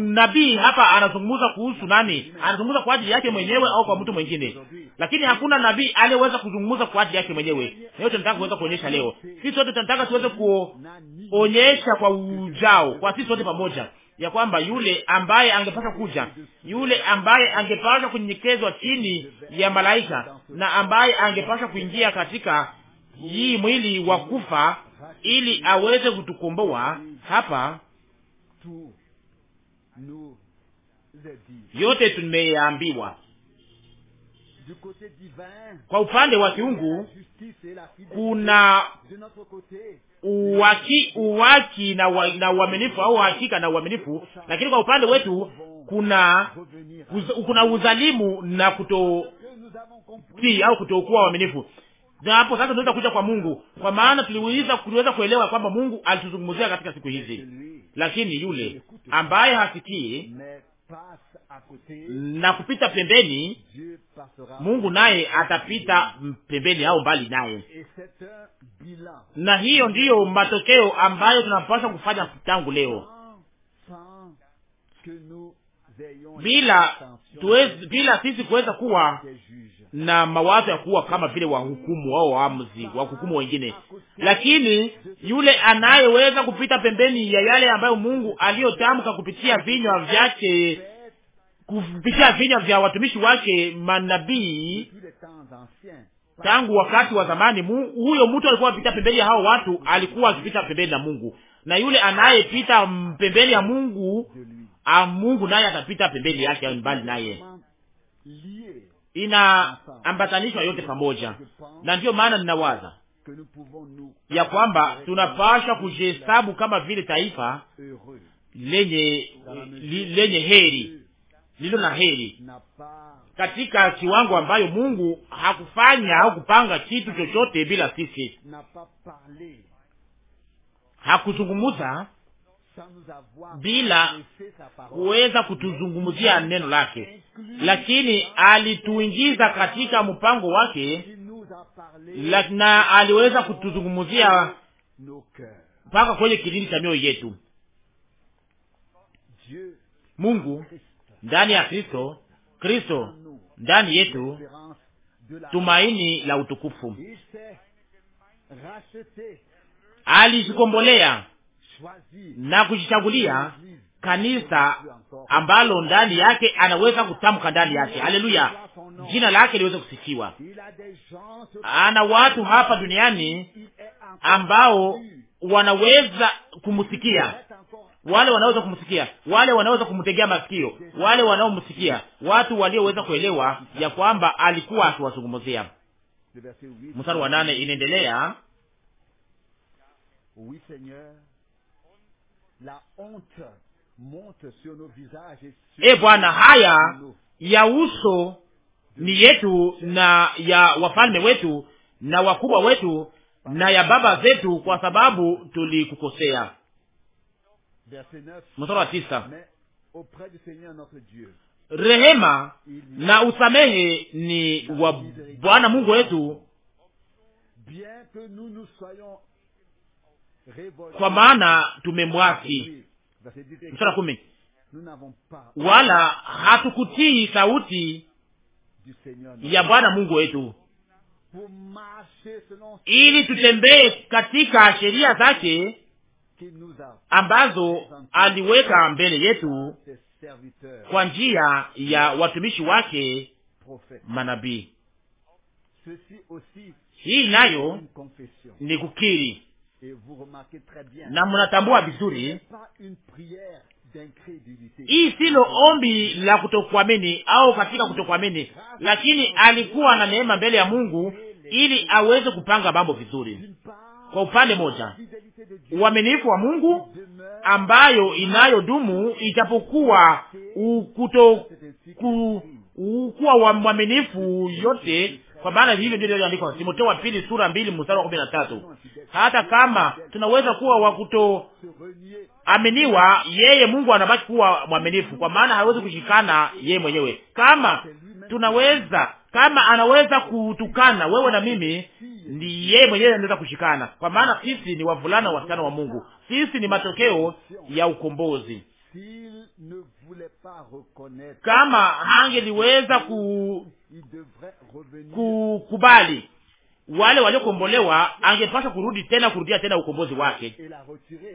[SPEAKER 2] nabii, hapa anazungumza kuhusu nani? Anazungumza kwa ajili yake mwenyewe au kwa mtu mwingine? Lakini hakuna nabii aliyeweza kuzungumza kwa ajili yake mwenyewe. Leo tunataka kuweza kuonyesha, leo sisi sote tunataka tuweze kuonyesha kwa ujao, kwa sisi sote pamoja ya kwamba yule ambaye angepaswa kuja, yule ambaye angepaswa kunyenyekezwa chini ya malaika na ambaye angepaswa kuingia katika hii mwili wa kufa ili aweze kutukomboa hapa. Yote tumeambiwa
[SPEAKER 1] kwa upande wa kiungu
[SPEAKER 3] kuna
[SPEAKER 2] uwaki, uwaki na uaminifu au uhakika na uaminifu, lakini kwa upande wetu kuna uz, kuna uzalimu na
[SPEAKER 3] kutotii au
[SPEAKER 2] kutokuwa uaminifu. Na hapo sasa tunaweza kuja kwa Mungu, kwa maana tuliweza tuliweza kuelewa kwamba Mungu alituzungumzia katika siku hizi, lakini yule ambaye hasikii
[SPEAKER 1] na kupita pembeni, Mungu naye
[SPEAKER 2] atapita pembeni au mbali naye, na hiyo ndiyo matokeo ambayo tunapaswa kufanya tangu leo
[SPEAKER 1] bila tuwezi, bila sisi kuweza
[SPEAKER 2] kuwa na mawazo ya kuwa kama vile wahukumu wao waamuzi wa hukumu wengine, lakini yule anayeweza kupita pembeni ya yale ambayo Mungu aliyotamka kupitia vinywa vyake, kupitia vinywa vya watumishi wake manabii tangu wakati wa zamani. Huyo mtu alikuwa akipita pembeni ya hao watu, alikuwa akipita pembeni na Mungu, na yule anayepita pembeni ya Mungu a ah, Mungu naye atapita pembeni yake, mbali naye inaambatanishwa yote pamoja, na ndiyo maana ninawaza ya kwamba tunapashwa kujihesabu kama vile taifa lenye li, lenye heri lilo na heri katika kiwango ambayo Mungu hakufanya au kupanga kitu chochote bila sisi, hakuzungumuza
[SPEAKER 3] bila kuweza kutuzungumzia neno lake, lakini
[SPEAKER 2] alituingiza katika mpango wake na aliweza kutuzungumzia mpaka kwenye kilindi cha mioyo yetu. Mungu ndani ya Kristo, Kristo ndani yetu,
[SPEAKER 1] tumaini
[SPEAKER 2] la utukufu. alizikombolea na kujichagulia kanisa ambalo ndani yake anaweza kutamka ndani yake. Haleluya, jina lake liweze kusikiwa.
[SPEAKER 3] Ana watu hapa duniani
[SPEAKER 2] ambao wanaweza kumsikia, wale wanaweza kumsikia, wale wanaweza kumtegea masikio, wale wanaomsikia, watu walioweza kuelewa ya kwamba alikuwa akiwazungumzia. Mstari wa nane inaendelea
[SPEAKER 1] E Bwana, haya
[SPEAKER 2] ya uso ni yetu na ya wafalme wetu na wakubwa wetu na ya baba zetu, kwa sababu tulikukosea.
[SPEAKER 1] Mstari wa tisa. Rehema
[SPEAKER 2] na usamehe ni wa Bwana Mungu wetu
[SPEAKER 1] kwa maana tumemwasi. Mstari kumi, wala hatukutii
[SPEAKER 2] sauti ya Bwana Mungu wetu
[SPEAKER 1] ili tutembee
[SPEAKER 2] katika sheria zake
[SPEAKER 1] ambazo aliweka mbele yetu kwa
[SPEAKER 2] njia ya watumishi wake manabii.
[SPEAKER 1] Hii nayo ni kukiri na mnatambua vizuri,
[SPEAKER 3] hii
[SPEAKER 2] silo ombi la kutokuamini au katika kutokuamini, lakini alikuwa na neema mbele ya Mungu ili aweze kupanga mambo vizuri. Kwa upande moja, uaminifu wa Mungu ambayo inayodumu ijapokuwa kutokuwa uaminifu yote kwa maana hivyo ndio iliandikwa Timotheo wa pili sura mbili mstari wa kumi na tatu. Hata kama tunaweza kuwa wa
[SPEAKER 3] kutoaminiwa,
[SPEAKER 2] yeye Mungu anabaki kuwa mwaminifu, kwa maana hawezi kushikana yeye mwenyewe. Kama tunaweza kama anaweza kutukana wewe na mimi, ni yeye mwenyewe anaweza kushikana, kwa maana sisi ni wavulana wasichana wa Mungu. Sisi ni matokeo ya ukombozi. Kama angeliweza ku kukubali wale waliokombolewa, angepaswa kurudi tena kurudia tena ukombozi wake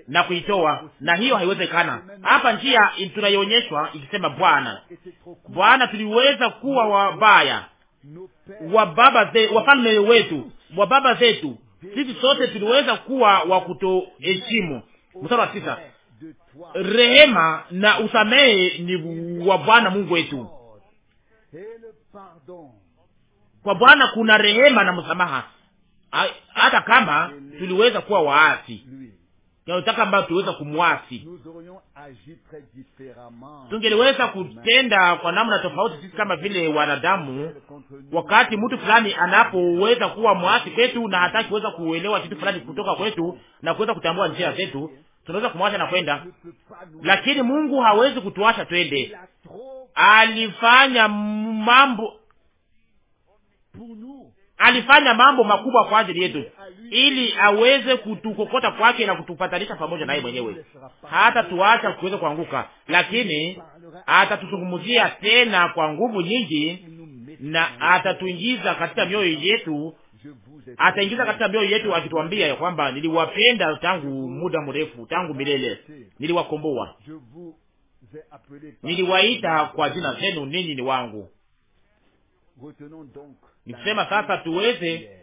[SPEAKER 2] na kuitoa, na hiyo haiwezekana. Hapa njia tunaionyeshwa ikisema, Bwana Bwana, tuliweza kuwa wabaya wa baba wafalme wetu wa baba zetu, sisi sote tuliweza kuwa wa kutoheshimu. Mstari wa tisa, rehema na usamehe ni wa Bwana Mungu wetu kwa Bwana kuna rehema na msamaha, hata kama tuliweza kuwa waasi nataka ambayo tuliweza kumwasi,
[SPEAKER 1] tungeliweza kutenda
[SPEAKER 2] kwa namna tofauti sisi kama vile wanadamu. Wakati mtu fulani anapoweza kuwa mwasi kwetu na hataki kuweza kuelewa kitu fulani kutoka kwetu na kuweza kutambua njia zetu, tunaweza kumwacha na kwenda, lakini Mungu hawezi kutuacha twende alifanya mambo alifanya mambo makubwa kwa ajili yetu ili aweze kutukokota kwake na kutupatanisha pamoja naye mwenyewe. Hata tuacha kuweza kuanguka, lakini atatuzungumzia tena kwa nguvu nyingi, na atatuingiza katika mioyo yetu,
[SPEAKER 3] ataingiza katika
[SPEAKER 2] mioyo yetu akituambia ya kwamba niliwapenda tangu muda mrefu, tangu milele niliwakomboa
[SPEAKER 3] niliwaita kwa
[SPEAKER 2] jina zenu, ninyi ni wangu. Nikusema sasa tuweze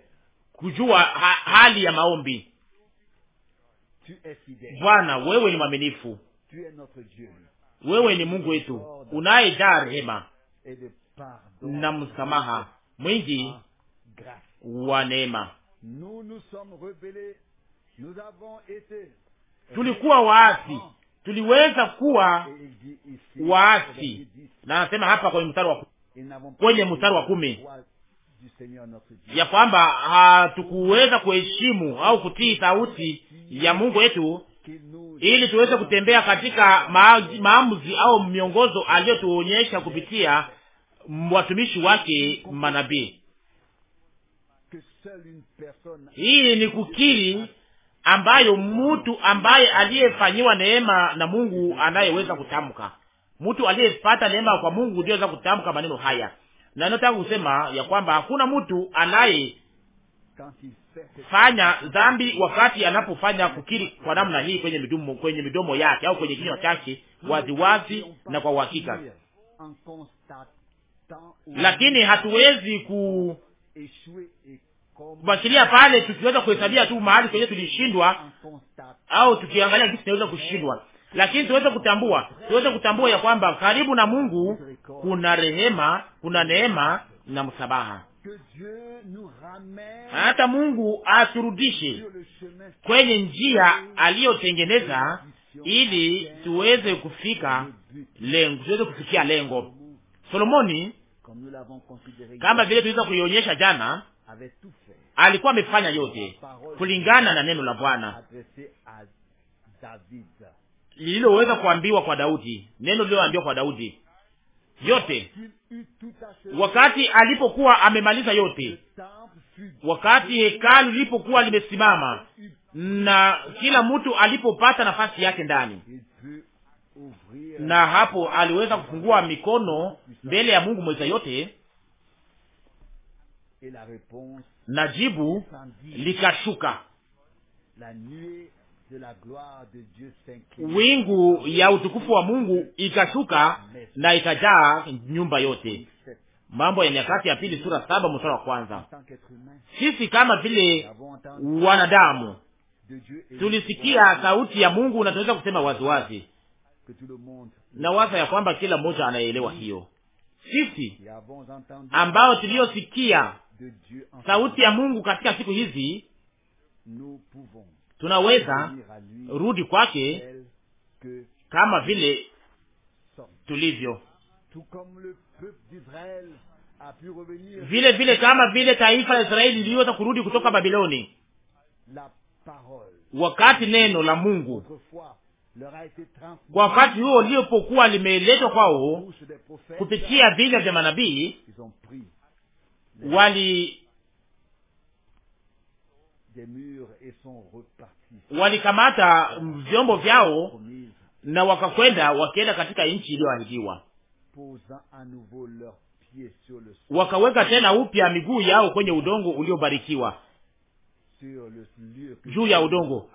[SPEAKER 2] kujua ha hali ya maombi. Bwana, wewe ni mwaminifu, wewe ni Mungu wetu unayejaa rehema na msamaha mwingi wa neema. Tulikuwa waasi tuliweza kuwa waasi, na anasema hapa kwenye mstari wa kwenye mstari wa kumi ya kwamba hatukuweza kuheshimu au kutii sauti ya Mungu wetu ili tuweze kutembea katika maamuzi au miongozo aliyotuonyesha kupitia watumishi wake manabii. Hii ni kukiri ambayo mtu ambaye aliyefanyiwa neema na Mungu anayeweza kutamka, mtu aliyepata neema kwa Mungu ndiyoweza kutamka maneno haya, na nataka kusema ya kwamba hakuna mtu anaye fanya dhambi wakati anapofanya kukiri kwa namna hii kwenye midomo, kwenye midomo yake au kwenye kinywa chake waziwazi na kwa uhakika, lakini hatuwezi ku
[SPEAKER 1] kufuatilia
[SPEAKER 2] pale, tukiweza kuhesabia tu mahali kwenye tulishindwa au tukiangalia kitu tunaweza kushindwa, lakini tuweze kutambua, tuweze kutambua ya kwamba karibu na Mungu kuna rehema, kuna neema na msabaha. Hata Mungu aturudishe kwenye njia aliyotengeneza ili tuweze kufika lengo, tuweze kufikia lengo. Solomoni,
[SPEAKER 1] kama vile tuweza kuionyesha jana alikuwa amefanya yote kulingana na neno la Bwana lililoweza
[SPEAKER 2] kuambiwa kwa Daudi, neno lililoambiwa kwa Daudi yote. Wakati alipokuwa amemaliza yote, wakati hekalu lilipokuwa limesimama na kila mtu alipopata nafasi yake ndani, na hapo aliweza kufungua mikono mbele ya Mungu mweza yote na jibu likashuka. Wingu ya utukufu wa Mungu ikashuka na ikajaa nyumba yote. Mambo ya Nyakati ya Pili sura saba mstari wa kwanza.
[SPEAKER 3] Sisi kama vile wanadamu tulisikia sauti ya
[SPEAKER 2] Mungu na tunaweza kusema waziwazi na waza ya kwamba kila mmoja anayeelewa hiyo. Sisi ambao tuliyosikia sauti ya Mungu katika siku hizi,
[SPEAKER 1] tunaweza rudi kwake
[SPEAKER 2] kama vile tulivyo
[SPEAKER 1] vile vile, kama
[SPEAKER 2] vile taifa la Israeli liliweza kurudi kutoka Babiloni
[SPEAKER 1] wakati neno la Mungu kwa wakati huo liliopokuwa limeletwa kwao
[SPEAKER 2] kupitia vinywa vya manabii, wali walikamata vyombo vyao na wakakwenda wakienda katika nchi iliyoahidiwa, wakaweka tena upya miguu yao kwenye udongo uliobarikiwa,
[SPEAKER 1] juu ya udongo,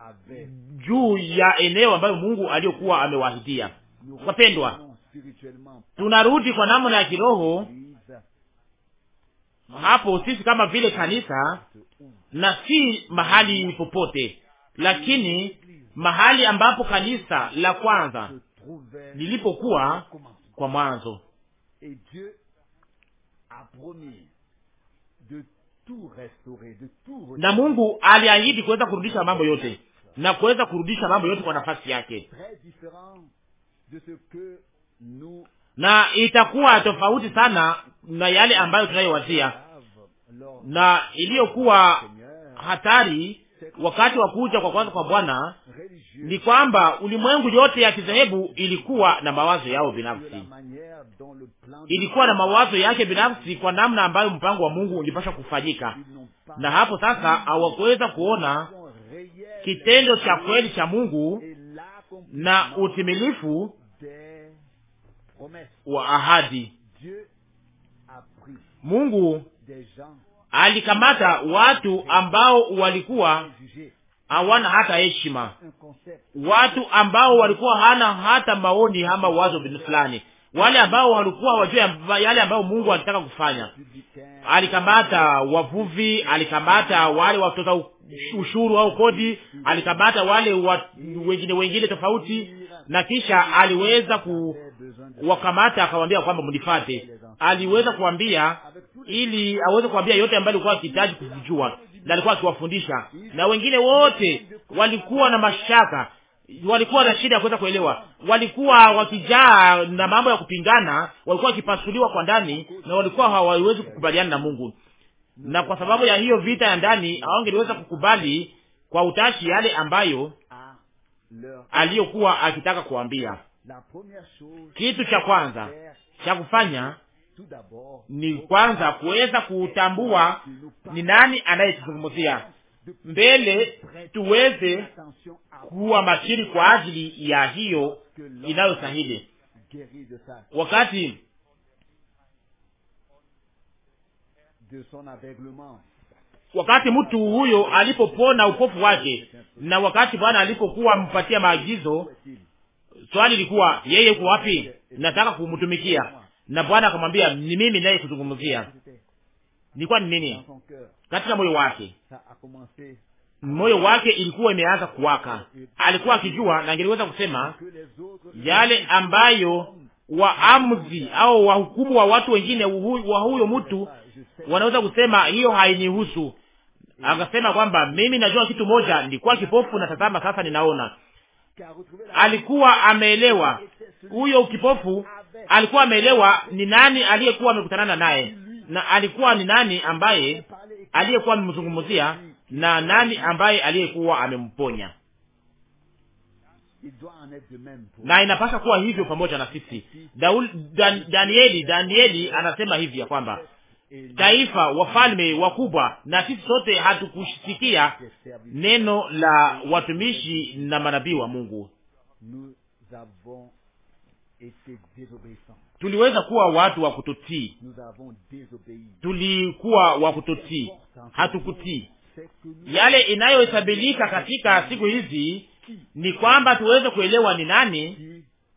[SPEAKER 2] juu ya eneo ambayo Mungu aliyokuwa amewahidia Wapendwa,
[SPEAKER 1] tunarudi kwa namna ya kiroho
[SPEAKER 3] hapo
[SPEAKER 2] sisi kama vile kanisa, na si mahali popote, lakini mahali ambapo kanisa la kwanza lilipokuwa kwa mwanzo, na Mungu aliahidi kuweza kurudisha mambo yote na kuweza kurudisha mambo yote kwa nafasi yake na itakuwa tofauti sana na yale ambayo tunayowazia na iliyokuwa hatari wakati wa kuja kwa kwanza kwa Bwana ni kwamba ulimwengu yote ya kidhehebu ilikuwa na mawazo yao binafsi,
[SPEAKER 3] ilikuwa na mawazo
[SPEAKER 2] yake binafsi kwa namna ambayo mpango wa Mungu ulipaswa kufanyika, na hapo sasa hawakuweza kuona kitendo cha kweli cha Mungu na utimilifu wa ahadi. Mungu alikamata watu ambao walikuwa hawana hata heshima, watu ambao walikuwa hana hata maoni ama wazo fulani wale ambao walikuwa hawajua yale ambayo Mungu alitaka kufanya. Alikamata wavuvi, alikamata wale watoza ushuru au kodi, alikamata wale wa, wengine wengine tofauti, na kisha aliweza kuwakamata akawambia kwamba mnifate. Aliweza kuambia ili aweze kuambia yote ambayo alikuwa akihitaji kujua, na alikuwa akiwafundisha, na wengine wote walikuwa na mashaka walikuwa na shida ya kuweza kuelewa, walikuwa wakijaa na mambo ya kupingana, walikuwa wakipasuliwa kwa ndani na walikuwa hawawezi kukubaliana na Mungu, na kwa sababu ya hiyo vita ya ndani hawangeliweza kukubali kwa utashi yale ambayo aliyokuwa akitaka kuambia.
[SPEAKER 1] Kitu cha kwanza cha kufanya ni
[SPEAKER 2] kwanza kuweza kutambua ni nani anayetuzungumzia mbele tuweze kuwa makini kwa ajili ya hiyo inayostahili. Wakati wakati mtu huyo alipopona upofu wake, na wakati Bwana alipokuwa mpatia maagizo, swali likuwa yeye yuko wapi? Nataka kumtumikia. Na Bwana akamwambia ni mimi naye kuzungumzia Nilikuwa ni nini katika moyo wake? Moyo wake ilikuwa imeanza kuwaka, alikuwa akijua, na angeliweza kusema yale ambayo waamuzi au wahukumu wa watu wengine wa huyo mtu wanaweza kusema, hiyo hainihusu. Akasema kwamba mimi najua kitu moja, nilikuwa kipofu na tazama sasa ninaona. Alikuwa ameelewa huyo kipofu, alikuwa ameelewa ni nani aliyekuwa amekutanana naye na alikuwa ni nani ambaye aliyekuwa amemzungumzia na nani ambaye aliyekuwa amemponya. Na inapasa kuwa hivyo pamoja na sisi. Dan, Danieli Danieli anasema hivi ya kwamba
[SPEAKER 1] taifa, wafalme
[SPEAKER 2] wakubwa, na sisi sote hatukusikia neno la watumishi na manabii wa Mungu tuliweza kuwa watu wa kutotii, tulikuwa wa kutotii, hatukutii yale inayohesabilika katika siku hizi ni kwamba tuweze kuelewa ni nani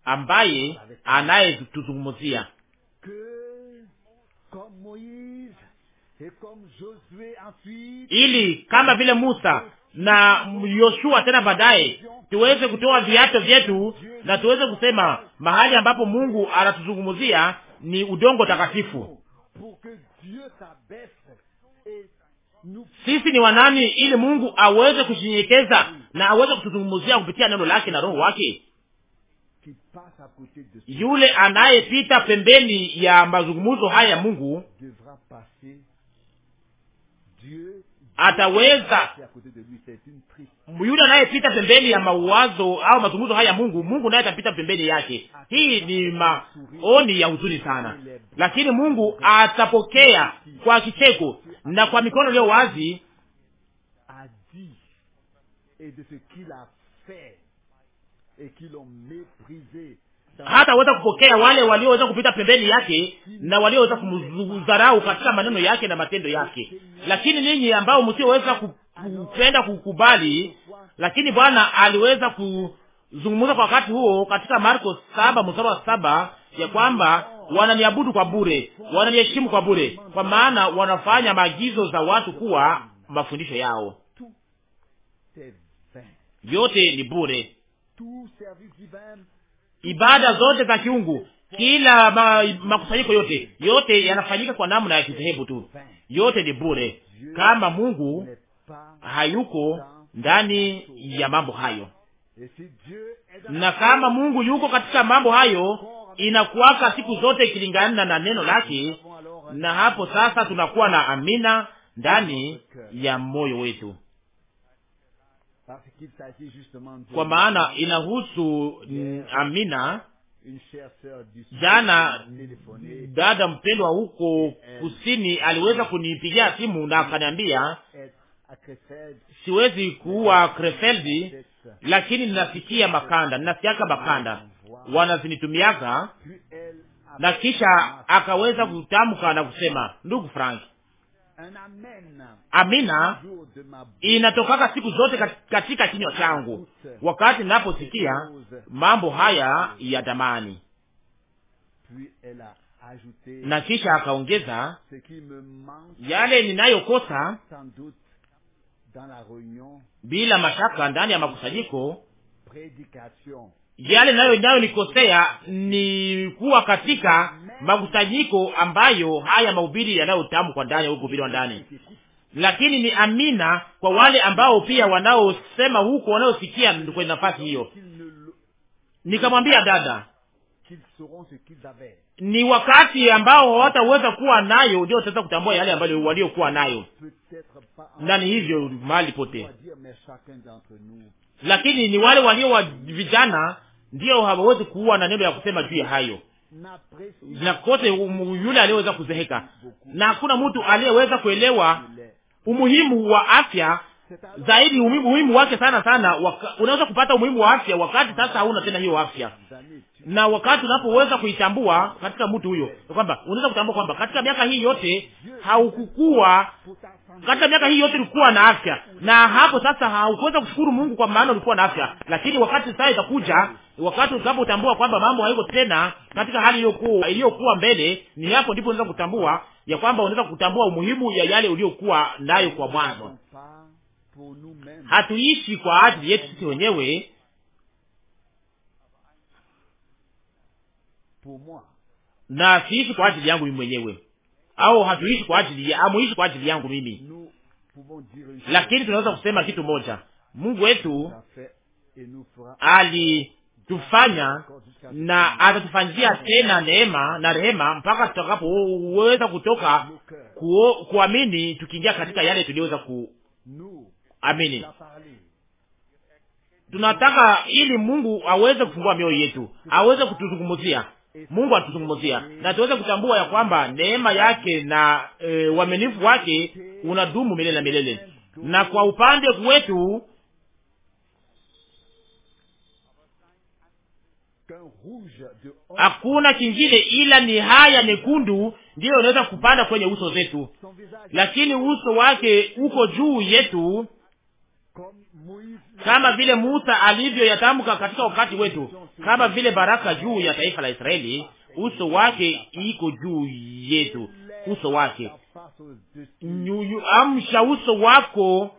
[SPEAKER 2] ambaye anayetuzungumzia ili kama vile Musa na Yoshua tena baadaye tuweze kutoa viato vyetu na tuweze kusema mahali ambapo Mungu anatuzungumzia ni udongo takatifu. Sisi ni wanani ili Mungu aweze kushinyekeza na aweze kutuzungumzia kupitia neno lake na roho wake.
[SPEAKER 1] Yule anayepita pembeni
[SPEAKER 2] ya mazungumzo haya ya Mungu ataweza yule anayepita pembeni ya mawazo au mazungumzo haya ya Mungu, Mungu naye atapita pembeni yake. Hii ni maoni ya huzuni sana, lakini Mungu atapokea kwa kicheko na kwa mikono iliyo wazi
[SPEAKER 1] hata weza kupokea wale walioweza
[SPEAKER 2] kupita pembeni yake na walioweza kumdharau katika maneno yake na matendo yake. Lakini ninyi ambao msioweza kupenda kukubali, lakini Bwana aliweza kuzungumza kwa wakati huo katika Marko saba mstari wa saba ya kwamba wananiabudu kwa bure, wananiheshimu kwa bure, kwa maana wanafanya maagizo za watu kuwa mafundisho yao. Vyote ni bure ibada zote za kiungu, kila ma, makusanyiko yote yote yanafanyika kwa namna ya kidhehebu tu, yote ni bure kama Mungu hayuko ndani ya mambo hayo, na kama Mungu yuko katika mambo hayo, inakuwaka siku zote ikilingana na neno lake. Na hapo sasa tunakuwa na amina ndani ya moyo wetu kwa maana inahusu mm, amina.
[SPEAKER 1] Jana dada
[SPEAKER 2] mpendwa huko kusini aliweza kunipigia simu na akaniambia, siwezi kuua Krefeldi, lakini ninasikia makanda, ninasikiaka makanda wanazinitumiaka, na kisha akaweza kutamka na kusema, ndugu Frank
[SPEAKER 3] Amina inatokaka
[SPEAKER 2] siku zote katika kinywa changu, wakati ninaposikia mambo haya ya damani.
[SPEAKER 1] Na kisha akaongeza yale ninayokosa
[SPEAKER 2] bila mashaka ndani ya makusanyiko yale nayo nayo nikosea ni kuwa katika makusanyiko ambayo haya mahubiri kwa ndani ya uhubiri wa ndani, lakini ni amina kwa wale ambao pia wanaosema huko, wanaosikia kwenye nafasi hiyo. Nikamwambia dada, ni wakati ambao hawataweza kuwa nayo, ndio wataweza kutambua yale ambayo waliokuwa nayo, na ni hivyo mahali pote, lakini ni wale walio wa vijana ndiyo hawawezi kuwa na neno ya kusema juu ya hayo,
[SPEAKER 3] na kote
[SPEAKER 2] yule aliyeweza kuzeheka, na hakuna mtu aliyeweza kuelewa umuhimu wa afya zaidi umuhimu wake sana sana waka, unaweza kupata umuhimu wa afya wakati sasa hauna tena hiyo afya, na wakati unapoweza kuitambua katika mtu huyo kwamba unaweza kutambua kwamba katika miaka hii yote haukukua, katika miaka hii yote ulikuwa na afya, na hapo sasa haukuweza kushukuru Mungu kwa maana ulikuwa na afya, lakini wakati sasa itakuja, wakati utakapotambua kwamba mambo haiko tena katika hali iliyokuwa iliyokuwa mbele, ni hapo ndipo unaweza kutambua ya kwamba unaweza kutambua umuhimu ya yale uliyokuwa nayo kwa mwanzo.
[SPEAKER 1] Hatuishi kwa ajili yetu sisi
[SPEAKER 2] wenyewe, na siishi kwa ajili yangu mimi mwenyewe, au hatuishi kwa ajili, amuishi kwa ajili yangu mimi, lakini tunaweza kusema kitu moja: Mungu wetu alitufanya na atatufanyia tena neema na rehema mpaka tutakapoweza kutoka kuamini, tukiingia katika yale tuliyoweza ku Amini. Tunataka ili Mungu aweze kufungua mioyo yetu, aweze kutuzungumzia. Mungu atuzungumzia na tuweze kutambua ya kwamba neema yake na e, uaminifu wake unadumu milele na milele, na kwa upande wetu
[SPEAKER 1] hakuna kingine
[SPEAKER 2] ila ni haya nyekundu ndiyo inaweza kupanda kwenye uso zetu, lakini uso wake uko juu yetu kama vile Musa alivyoyatamka katika wakati wetu, kama vile baraka juu ya taifa la Israeli, uso wake iko juu yetu, uso wake nyuyu, amsha uso wako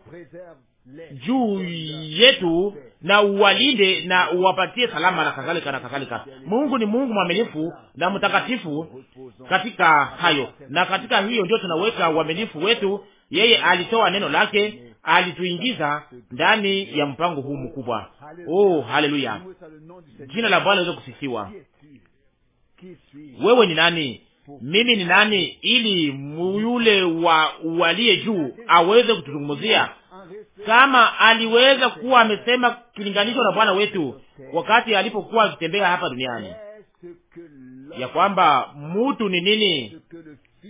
[SPEAKER 2] juu yetu na uwalinde na uwapatie salama na kadhalika na kadhalika. Mungu ni Mungu mwaminifu na mtakatifu katika hayo, na katika hiyo ndio tunaweka uaminifu wetu. Yeye alitoa neno lake alituingiza ndani ya mpango huu mkubwa. Oh, haleluya! Jina la Bwana liweze kusifiwa. Wewe ni nani? Mimi ni nani? Ili yule wa waliye juu aweze kutuzungumzia kama aliweza kuwa amesema kilinganisho na Bwana wetu wakati alipokuwa akitembea hapa duniani, ya kwamba mutu ni nini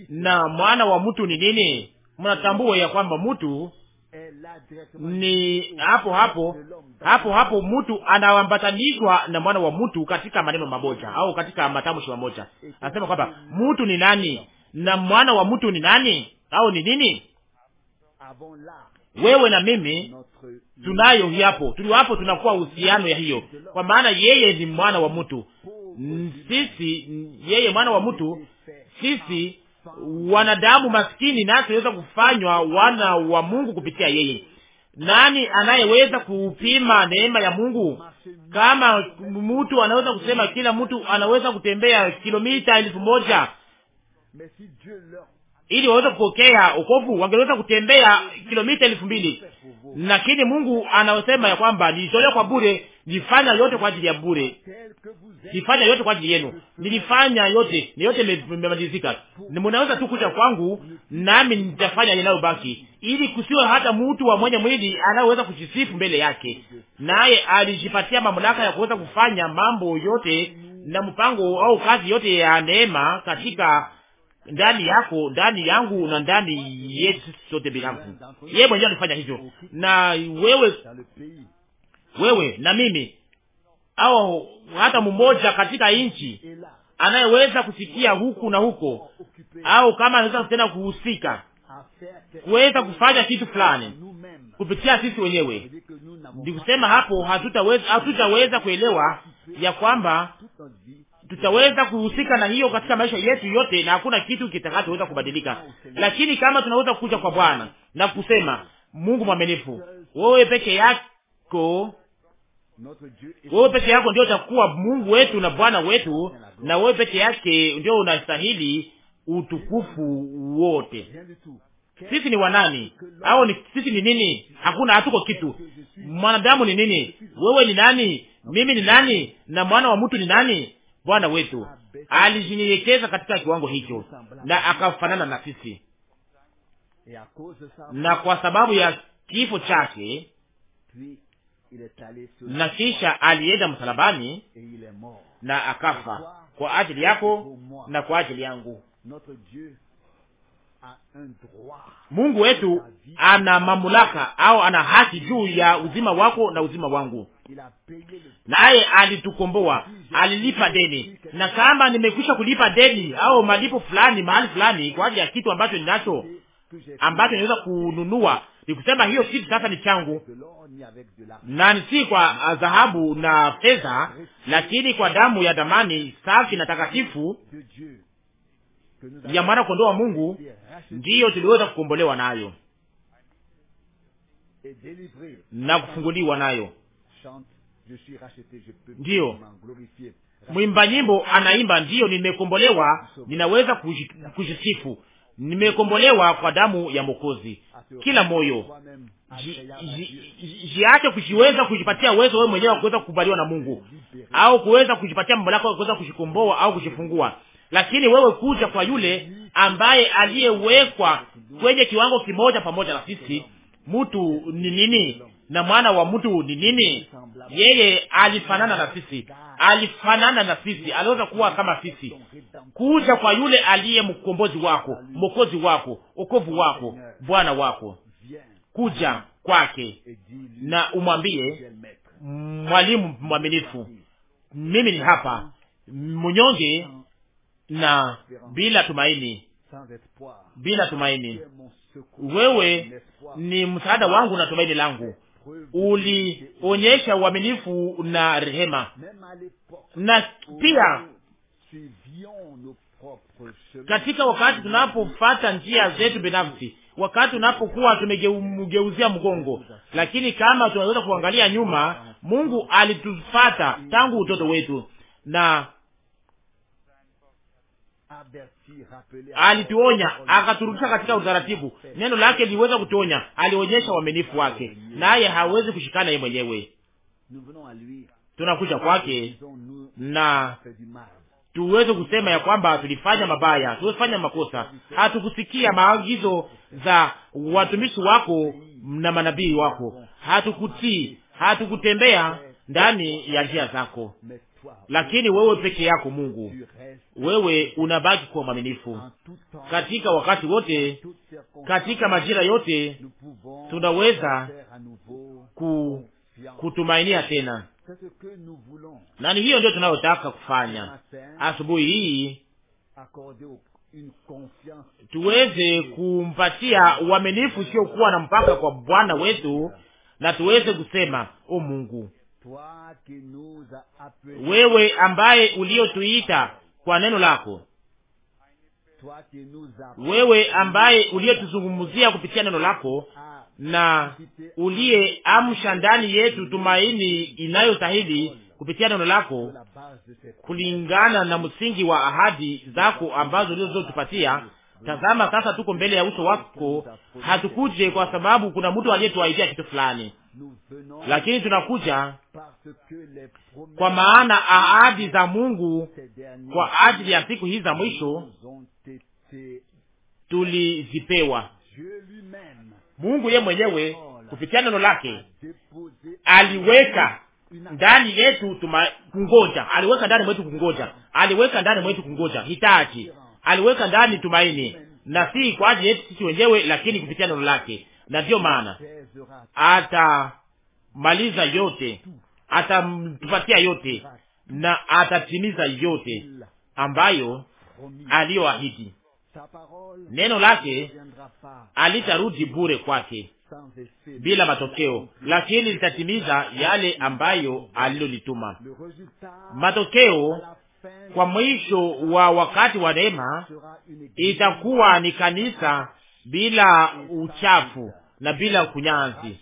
[SPEAKER 2] na mwana wa mtu ni nini. Mnatambua ya kwamba mtu
[SPEAKER 3] ni hapo hapo hapo hapo,
[SPEAKER 2] mtu anaambatanishwa na mwana wa mtu katika maneno mamoja au katika matamshi mamoja. Anasema kwamba mtu ni nani na mwana wa mtu ni nani au ni nini? Wewe na mimi tunayo hapo, tulio hapo, tunakuwa uhusiano ya hiyo, kwa maana yeye ni mwana wa mtu, sisi yeye mwana wa mtu, sisi wanadamu maskini, nasi tunaweza kufanywa wana wa Mungu kupitia yeye. Nani anayeweza kupima neema ya Mungu? Kama mtu anaweza kusema kila mtu anaweza kutembea kilomita elfu moja ili waweze kupokea ukovu, wangeweza kutembea kilomita elfu mbili lakini Mungu anaosema ya kwamba nilitolea kwa bure, nilifanya yote kwa ajili ya bure, nilifanya yote kwa ajili yenu, nilifanya yote ni yote, imemalizika. Mnaweza tu kuja kwangu, nami nitafanya yanayobaki, ili kusiwe hata mtu wa mwenye mwili anayeweza kujisifu mbele yake. Naye alijipatia mamlaka ya kuweza kufanya mambo yote na mpango au kazi yote ya neema katika ndani yako, ndani yangu na ndani yetu sote binafsi. Yeye mwenyewe alifanya hivyo, na wewe wewe na mimi, au hata mmoja katika nchi anayeweza kusikia huku na huko, au kama anaweza tena kuhusika kuweza kufanya kitu fulani kupitia sisi wenyewe. Ndikusema hapo hatutaweza, hatutaweza kuelewa ya kwamba tutaweza kuhusika na hiyo katika maisha yetu yote, na hakuna kitu kitakachoweza kubadilika. Lakini kama tunaweza kuja kwa Bwana na kusema, Mungu mwaminifu, wewe peke yako, wewe peke yako ndio utakuwa Mungu wetu na Bwana wetu, na wewe peke yake ndio unastahili utukufu wote. Sisi ni wanani? Au ni sisi ni nini? Hakuna, hatuko kitu. Mwanadamu ni nini? Wewe ni nani? Mimi ni nani? Na mwana wa mtu ni nani? Bwana wetu alijinyenyekeza katika kiwango hicho na akafanana na sisi,
[SPEAKER 1] na kwa sababu
[SPEAKER 2] ya kifo chake na kisha alienda msalabani
[SPEAKER 1] na akafa kwa ajili yako na
[SPEAKER 2] kwa ajili yangu. Mungu wetu ana mamlaka au ana haki juu ya uzima wako na uzima wangu, naye alitukomboa, alilipa deni. Na kama nimekwisha kulipa deni au malipo fulani mahali fulani kwa ajili ya kitu ambacho ninacho ambacho niweza kununua, ni kusema hiyo kitu sasa ni changu, na si kwa dhahabu na fedha, lakini kwa damu ya damani safi na takatifu
[SPEAKER 1] ya mwana kondoo wa Mungu
[SPEAKER 2] ndiyo tuliweza kukombolewa nayo
[SPEAKER 1] na kufunguliwa nayo. Ndiyo
[SPEAKER 2] mwimba nyimbo anaimba, ndiyo nimekombolewa, ninaweza kujisifu, nimekombolewa kwa damu ya Mwokozi. Kila moyo jiache kujiweza kujipatia uwezo wewe mwenyewe wa kuweza kukubaliwa na Mungu au kuweza kujipatia mambo yako kuweza kujikomboa au kujifungua lakini wewe kuja kwa yule ambaye aliyewekwa kwenye kiwango kimoja pamoja na sisi. Mtu ni nini na mwana wa mtu ni nini? Yeye alifanana na sisi, alifanana na sisi, aliweza kuwa kama sisi. Kuja kwa yule aliye mkombozi wako, mwokozi wako, okovu wako, bwana wako, kuja kwake na umwambie,
[SPEAKER 1] mwalimu mwaminifu,
[SPEAKER 2] mimi ni hapa, mnyonge na bila tumaini,
[SPEAKER 3] bila tumaini. Wewe ni msaada
[SPEAKER 2] wangu na tumaini langu, ulionyesha uaminifu na rehema,
[SPEAKER 1] na pia katika wakati tunapofata
[SPEAKER 2] njia zetu binafsi, wakati tunapokuwa tumemgeuzia mgongo. Lakini kama tunaweza kuangalia nyuma, Mungu alitufata tangu utoto wetu na
[SPEAKER 1] alituonya akaturudisha
[SPEAKER 2] katika utaratibu. Neno lake liliweza kutuonya, alionyesha uaminifu wake, naye hawezi kushikana yeye mwenyewe.
[SPEAKER 1] Tunakuja kwake na
[SPEAKER 2] tuweze kusema ya kwamba tulifanya mabaya, tulifanya makosa, hatukusikia maagizo za watumishi wako na manabii wako, hatukutii, hatukutembea ndani ya njia zako lakini wewe peke yako Mungu, wewe unabaki kuwa mwaminifu
[SPEAKER 3] katika wakati wote, katika majira yote, tunaweza
[SPEAKER 1] ku, kutumainia tena,
[SPEAKER 2] na ni hiyo ndio tunayotaka kufanya asubuhi hii tuweze kumpatia uaminifu usiokuwa na mpaka kwa Bwana wetu, na tuweze kusema o Mungu wewe ambaye uliotuita kwa neno lako, wewe ambaye uliotuzungumzia kupitia neno lako na uliyeamsha ndani yetu tumaini inayostahili kupitia neno lako, kulingana na msingi wa ahadi zako ambazo ulizotupatia Tazama sasa tuko mbele ya uso wako. Hatukuje kwa sababu kuna mtu aliyetuahidia kitu fulani, lakini tunakuja
[SPEAKER 1] kwa maana ahadi za Mungu kwa ajili ya siku
[SPEAKER 2] hizi za mwisho tulizipewa. Mungu ye mwenyewe kupitia neno lake aliweka ndani yetu kungoja, aliweka ndani mwetu kungoja, aliweka ndani mwetu kungoja hitaji aliweka ndani tumaini, na si kwa ajili yetu sisi wenyewe, lakini kupitia neno lake. Na ndiyo maana atamaliza yote, atatupatia yote na atatimiza yote ambayo aliyoahidi.
[SPEAKER 3] Neno lake alitarudi bure kwake bila matokeo, lakini litatimiza yale
[SPEAKER 2] ambayo alilolituma.
[SPEAKER 3] Matokeo
[SPEAKER 2] kwa mwisho wa wakati wa rehema itakuwa ni kanisa bila uchafu na bila kunyanzi,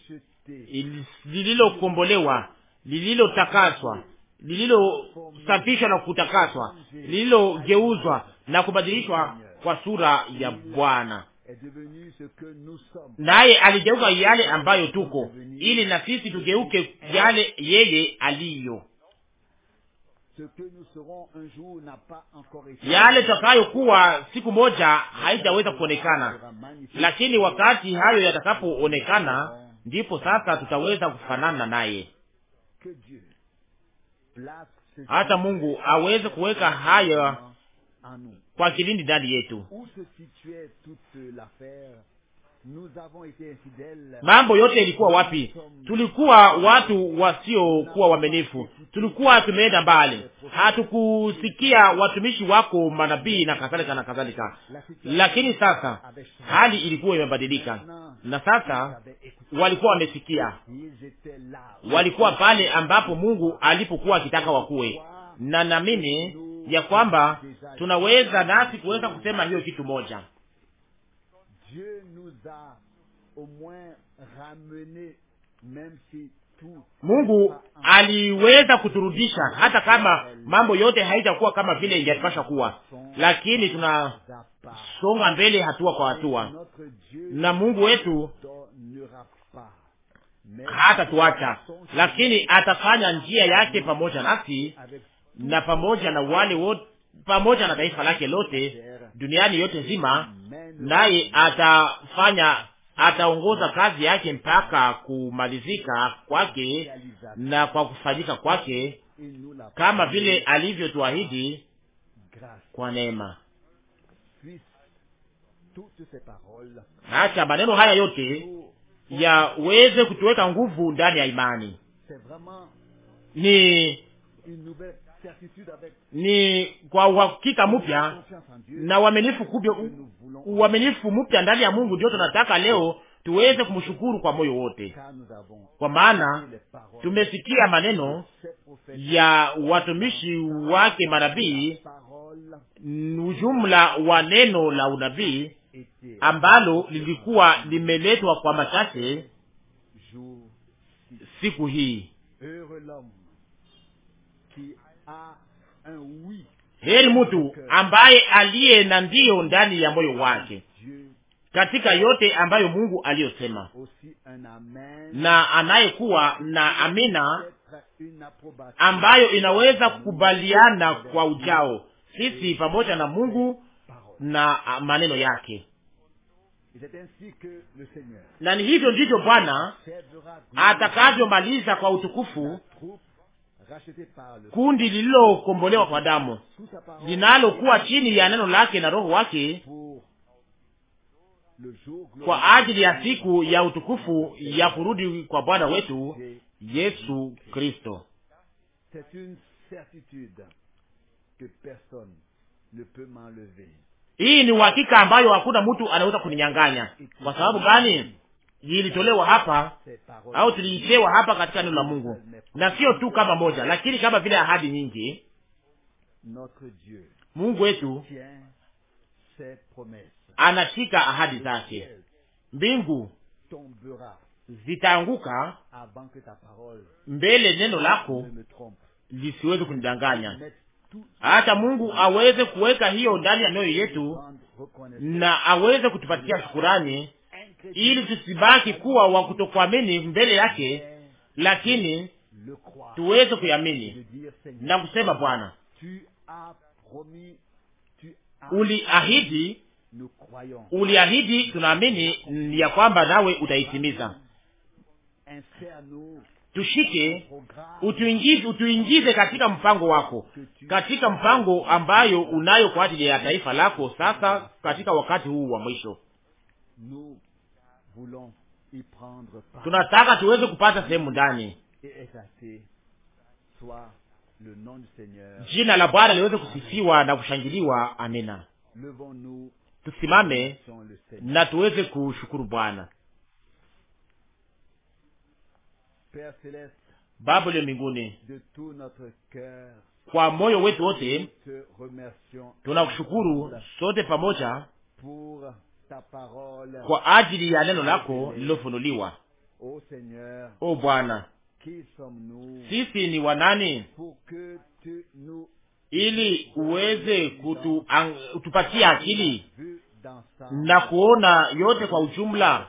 [SPEAKER 2] lililokombolewa, lililotakaswa, lililosafishwa na kutakaswa, lililogeuzwa na kubadilishwa kwa sura ya Bwana. Naye aligeuka yale ambayo tuko, ili na sisi tugeuke yale yeye aliyo yale takayokuwa siku moja haijaweza kuonekana, lakini wakati hayo yatakapoonekana, ndipo sasa tutaweza kufanana naye.
[SPEAKER 1] Hata Mungu aweze kuweka haya
[SPEAKER 2] kwa kilindi ndani yetu
[SPEAKER 1] Mambo yote ilikuwa wapi?
[SPEAKER 2] Tulikuwa watu wasiokuwa waaminifu, tulikuwa tumeenda mbali, hatukusikia watumishi wako manabii na kadhalika na kadhalika. Lakini sasa hali ilikuwa imebadilika, na sasa walikuwa wamesikia,
[SPEAKER 3] walikuwa pale ambapo
[SPEAKER 2] Mungu alipokuwa akitaka wakuwe, na namini ya kwamba tunaweza nasi kuweza kusema hiyo kitu moja Mungu aliweza kuturudisha hata kama mambo yote haitakuwa kama vile ingepasha kuwa, lakini
[SPEAKER 1] tunasonga mbele hatua kwa hatua, na Mungu wetu
[SPEAKER 3] hata tuacha,
[SPEAKER 2] lakini atafanya njia yake pamoja nasi na pamoja na wale wote pamoja na taifa lake lote duniani yote nzima, naye atafanya ataongoza kazi yake mpaka kumalizika kwake na kwa kufanyika kwake, kama vile alivyotuahidi kwa neema.
[SPEAKER 1] Acha maneno haya yote
[SPEAKER 2] yaweze kutuweka nguvu ndani ya imani. Ni ni kwa uhakika mpya na uaminifu kubwa, uaminifu mpya ndani ya Mungu. Ndio tunataka leo tuweze kumshukuru kwa moyo
[SPEAKER 1] wote,
[SPEAKER 3] kwa maana
[SPEAKER 2] tumesikia maneno ya watumishi wake manabii, ujumla wa neno la unabii ambalo lilikuwa limeletwa kwa machache siku hii Heri mtu euh, ambaye aliye na ndiyo ndani ya moyo wake katika yote ambayo Mungu aliyosema, na anayekuwa na amina ambayo inaweza kukubaliana kwa ujao sisi pamoja na Mungu na maneno yake.
[SPEAKER 1] Na ni hivyo ndivyo
[SPEAKER 2] Bwana atakavyomaliza kwa utukufu kundi lililokombolewa kwa damu linalokuwa chini ya neno lake na roho wake
[SPEAKER 1] kwa ajili ya siku ya utukufu ya kurudi kwa Bwana wetu
[SPEAKER 2] Yesu Kristo. Hii ni uhakika ambayo hakuna mtu anaweza kuninyang'anya. Kwa sababu gani? ilitolewa hapa au tuliitewa hapa katika neno la Mungu, na sio tu kama moja, lakini kama vile ahadi nyingi.
[SPEAKER 1] Mungu wetu
[SPEAKER 2] anashika ahadi zake. Mbingu zitaanguka
[SPEAKER 1] mbele neno lako
[SPEAKER 2] lisiweze kunidanganya, hata Mungu aweze kuweka hiyo ndani ya mioyo yetu na aweze kutupatia shukurani ili tusibaki kuwa wa kutokuamini mbele yake, lakini tuweze kuyamini na kusema, Bwana,
[SPEAKER 1] uliahidi,
[SPEAKER 2] uliahidi, tunaamini ya kwamba nawe utaitimiza.
[SPEAKER 1] Tushike,
[SPEAKER 2] utuingize, utuingize katika mpango wako, katika mpango ambayo unayo kwa ajili ya taifa lako sasa, katika wakati huu wa mwisho
[SPEAKER 1] tunataka tuweze kupata sehemu ndani. Jina la Bwana liweze
[SPEAKER 2] kusifiwa na kushangiliwa. Amina. Tusimame na tuweze kushukuru Bwana.
[SPEAKER 1] Baba uliye mbinguni, kwa moyo wetu wote tunakushukuru
[SPEAKER 2] sote pamoja
[SPEAKER 1] pour kwa ajili
[SPEAKER 2] ya neno lako lililofunuliwa.
[SPEAKER 1] O Bwana, sisi
[SPEAKER 2] ni wanani ili uweze kutupatia akili na kuona yote kwa ujumla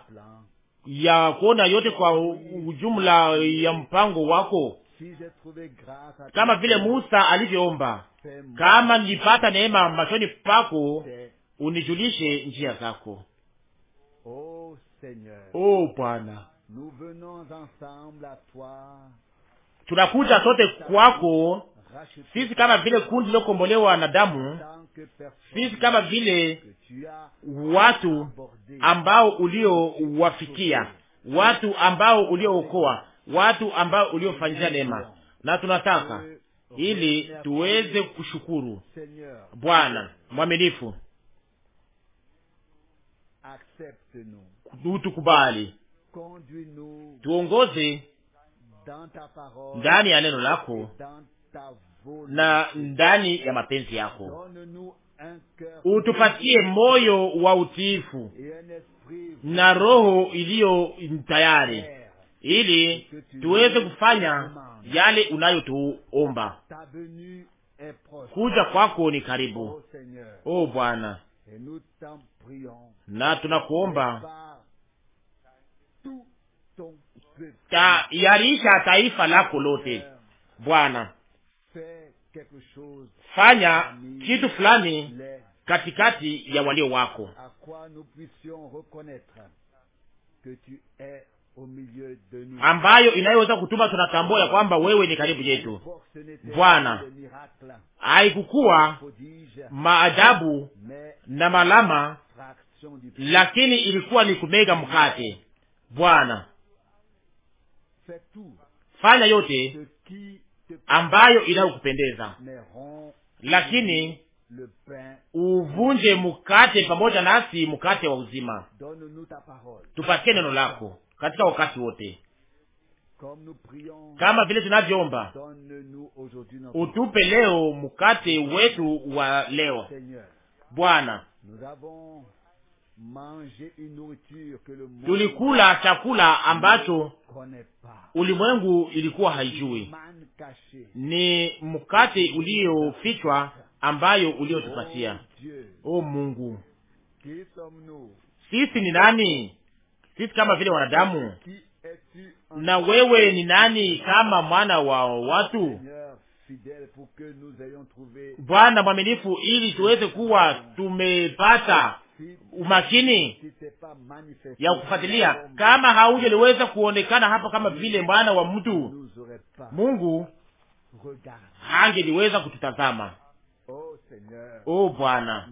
[SPEAKER 2] ya kuona yote kwa ujumla ya mpango wako, kama vile Musa alivyoomba.
[SPEAKER 1] Kama nilipata neema machoni
[SPEAKER 2] pako, unijulishe njia zako. O oh, Bwana, tunakuja sote kwako, sisi kama vile kundi lilokombolewa na damu, sisi kama vile watu ambao uliowafikia, watu ambao uliookoa, watu ambao uliofanyia neema, na tunataka ili tuweze kushukuru Bwana mwaminifu utukubali, tuongoze
[SPEAKER 1] ndani ya neno lako na
[SPEAKER 2] ndani ya mapenzi yako.
[SPEAKER 1] Utupatie
[SPEAKER 2] moyo wa utiifu na roho iliyo tayari, ili tuweze kufanya yale unayotuomba.
[SPEAKER 1] Kuja kwako ni karibu, o
[SPEAKER 2] oh, oh, Bwana
[SPEAKER 1] na tunakuomba
[SPEAKER 2] tayarisha taifa lako lote Bwana,
[SPEAKER 1] fanya kitu fulani katikati ya walio wako ambayo inayoweza kutuma tunatambua ya
[SPEAKER 2] kwamba wewe ni karibu yetu. Bwana,
[SPEAKER 3] haikukuwa maajabu na malama,
[SPEAKER 2] lakini ilikuwa ni kumega mkate. Bwana, fanya yote ambayo inayokupendeza, lakini uvunje mkate pamoja nasi, mkate wa uzima. Tupatie neno lako katika wakati wote,
[SPEAKER 1] kama vile tunavyoomba, utupe leo
[SPEAKER 2] mkate wetu wa leo Bwana.
[SPEAKER 1] Tulikula chakula ambacho
[SPEAKER 2] ulimwengu ilikuwa haijui, ni mkate uliofichwa ambayo uliotupatia. O oh oh Mungu, sisi ni nani sisi kama vile wanadamu.
[SPEAKER 1] Na wewe ni
[SPEAKER 2] nani kama mwana wa watu? Bwana mwaminifu, ili tuweze kuwa tumepata umakini
[SPEAKER 1] ya kufuatilia.
[SPEAKER 2] Kama liweza kuonekana hapa kama vile mwana wa mtu, Mungu hangeliweza kututazama.
[SPEAKER 1] O Bwana,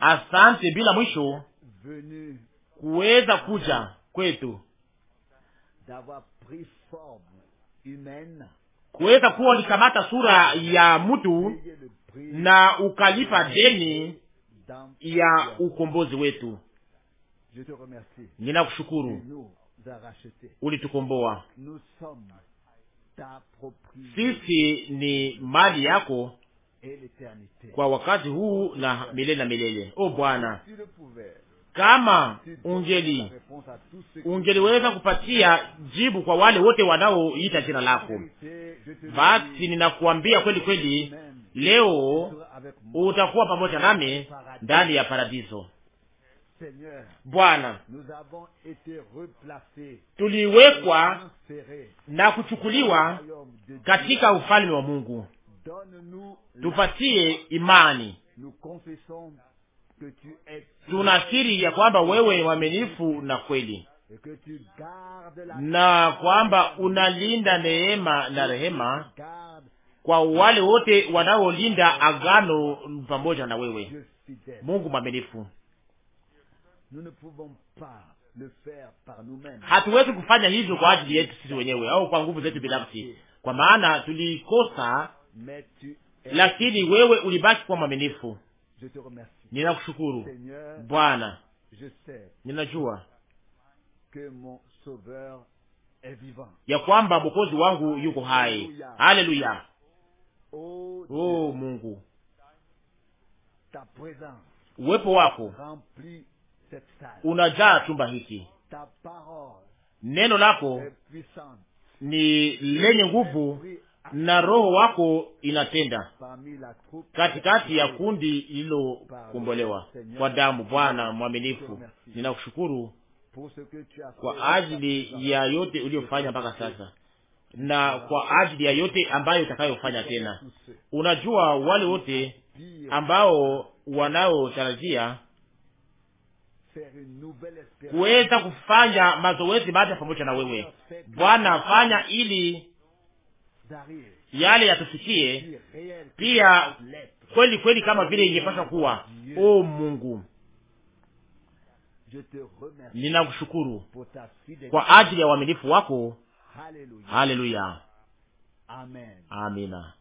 [SPEAKER 1] asante bila mwisho
[SPEAKER 2] kuweza kuja kwetu,
[SPEAKER 1] kuweza kuwa ulikamata sura ya mtu na
[SPEAKER 2] ukalipa deni ya ukombozi wetu.
[SPEAKER 1] Ninakushukuru, ulitukomboa sisi
[SPEAKER 2] ni mali yako kwa wakati huu na milele na milele. O Bwana,
[SPEAKER 3] kama ungeli
[SPEAKER 2] ungeliweza kupatia jibu kwa wale wote wanaoita jina lako, basi ninakuambia kweli kweli, leo utakuwa pamoja nami ndani ya paradiso.
[SPEAKER 1] Bwana, tuliwekwa na kuchukuliwa katika ufalme wa Mungu. Tupatie imani siri ya
[SPEAKER 2] kwamba wewe mwaminifu na kweli na kwamba unalinda neema na rehema kwa wale wote wanaolinda agano pamoja na wewe, Mungu mwaminifu.
[SPEAKER 1] Hatuwezi kufanya hivyo kwa ajili
[SPEAKER 2] yetu sisi wenyewe au kwa nguvu zetu binafsi, kwa maana tulikosa, lakini wewe ulibaki kwa mwaminifu Ninakushukuru Bwana, ninajua ya kwamba mwokozi wangu yuko hai. Haleluya! Oh, oh Mungu,
[SPEAKER 1] uwepo wako unajaa chumba hiki.
[SPEAKER 2] Neno lako ni lenye nguvu na roho wako inatenda
[SPEAKER 1] katikati ya kundi
[SPEAKER 2] lililokombolewa kwa damu. Bwana mwaminifu, ninakushukuru kwa ajili ya yote uliyofanya mpaka sasa na kwa ajili ya yote ambayo utakayofanya tena. Unajua wale wote ambao wanaotarajia kuweza kufanya mazoezi mapya pamoja na wewe Bwana, fanya ili yale yatufikie pia kweli kweli, kama vile ingepaswa kuwa. O oh, Mungu,
[SPEAKER 1] ninakushukuru kwa ajili
[SPEAKER 2] ya uaminifu wako. Haleluya, amina.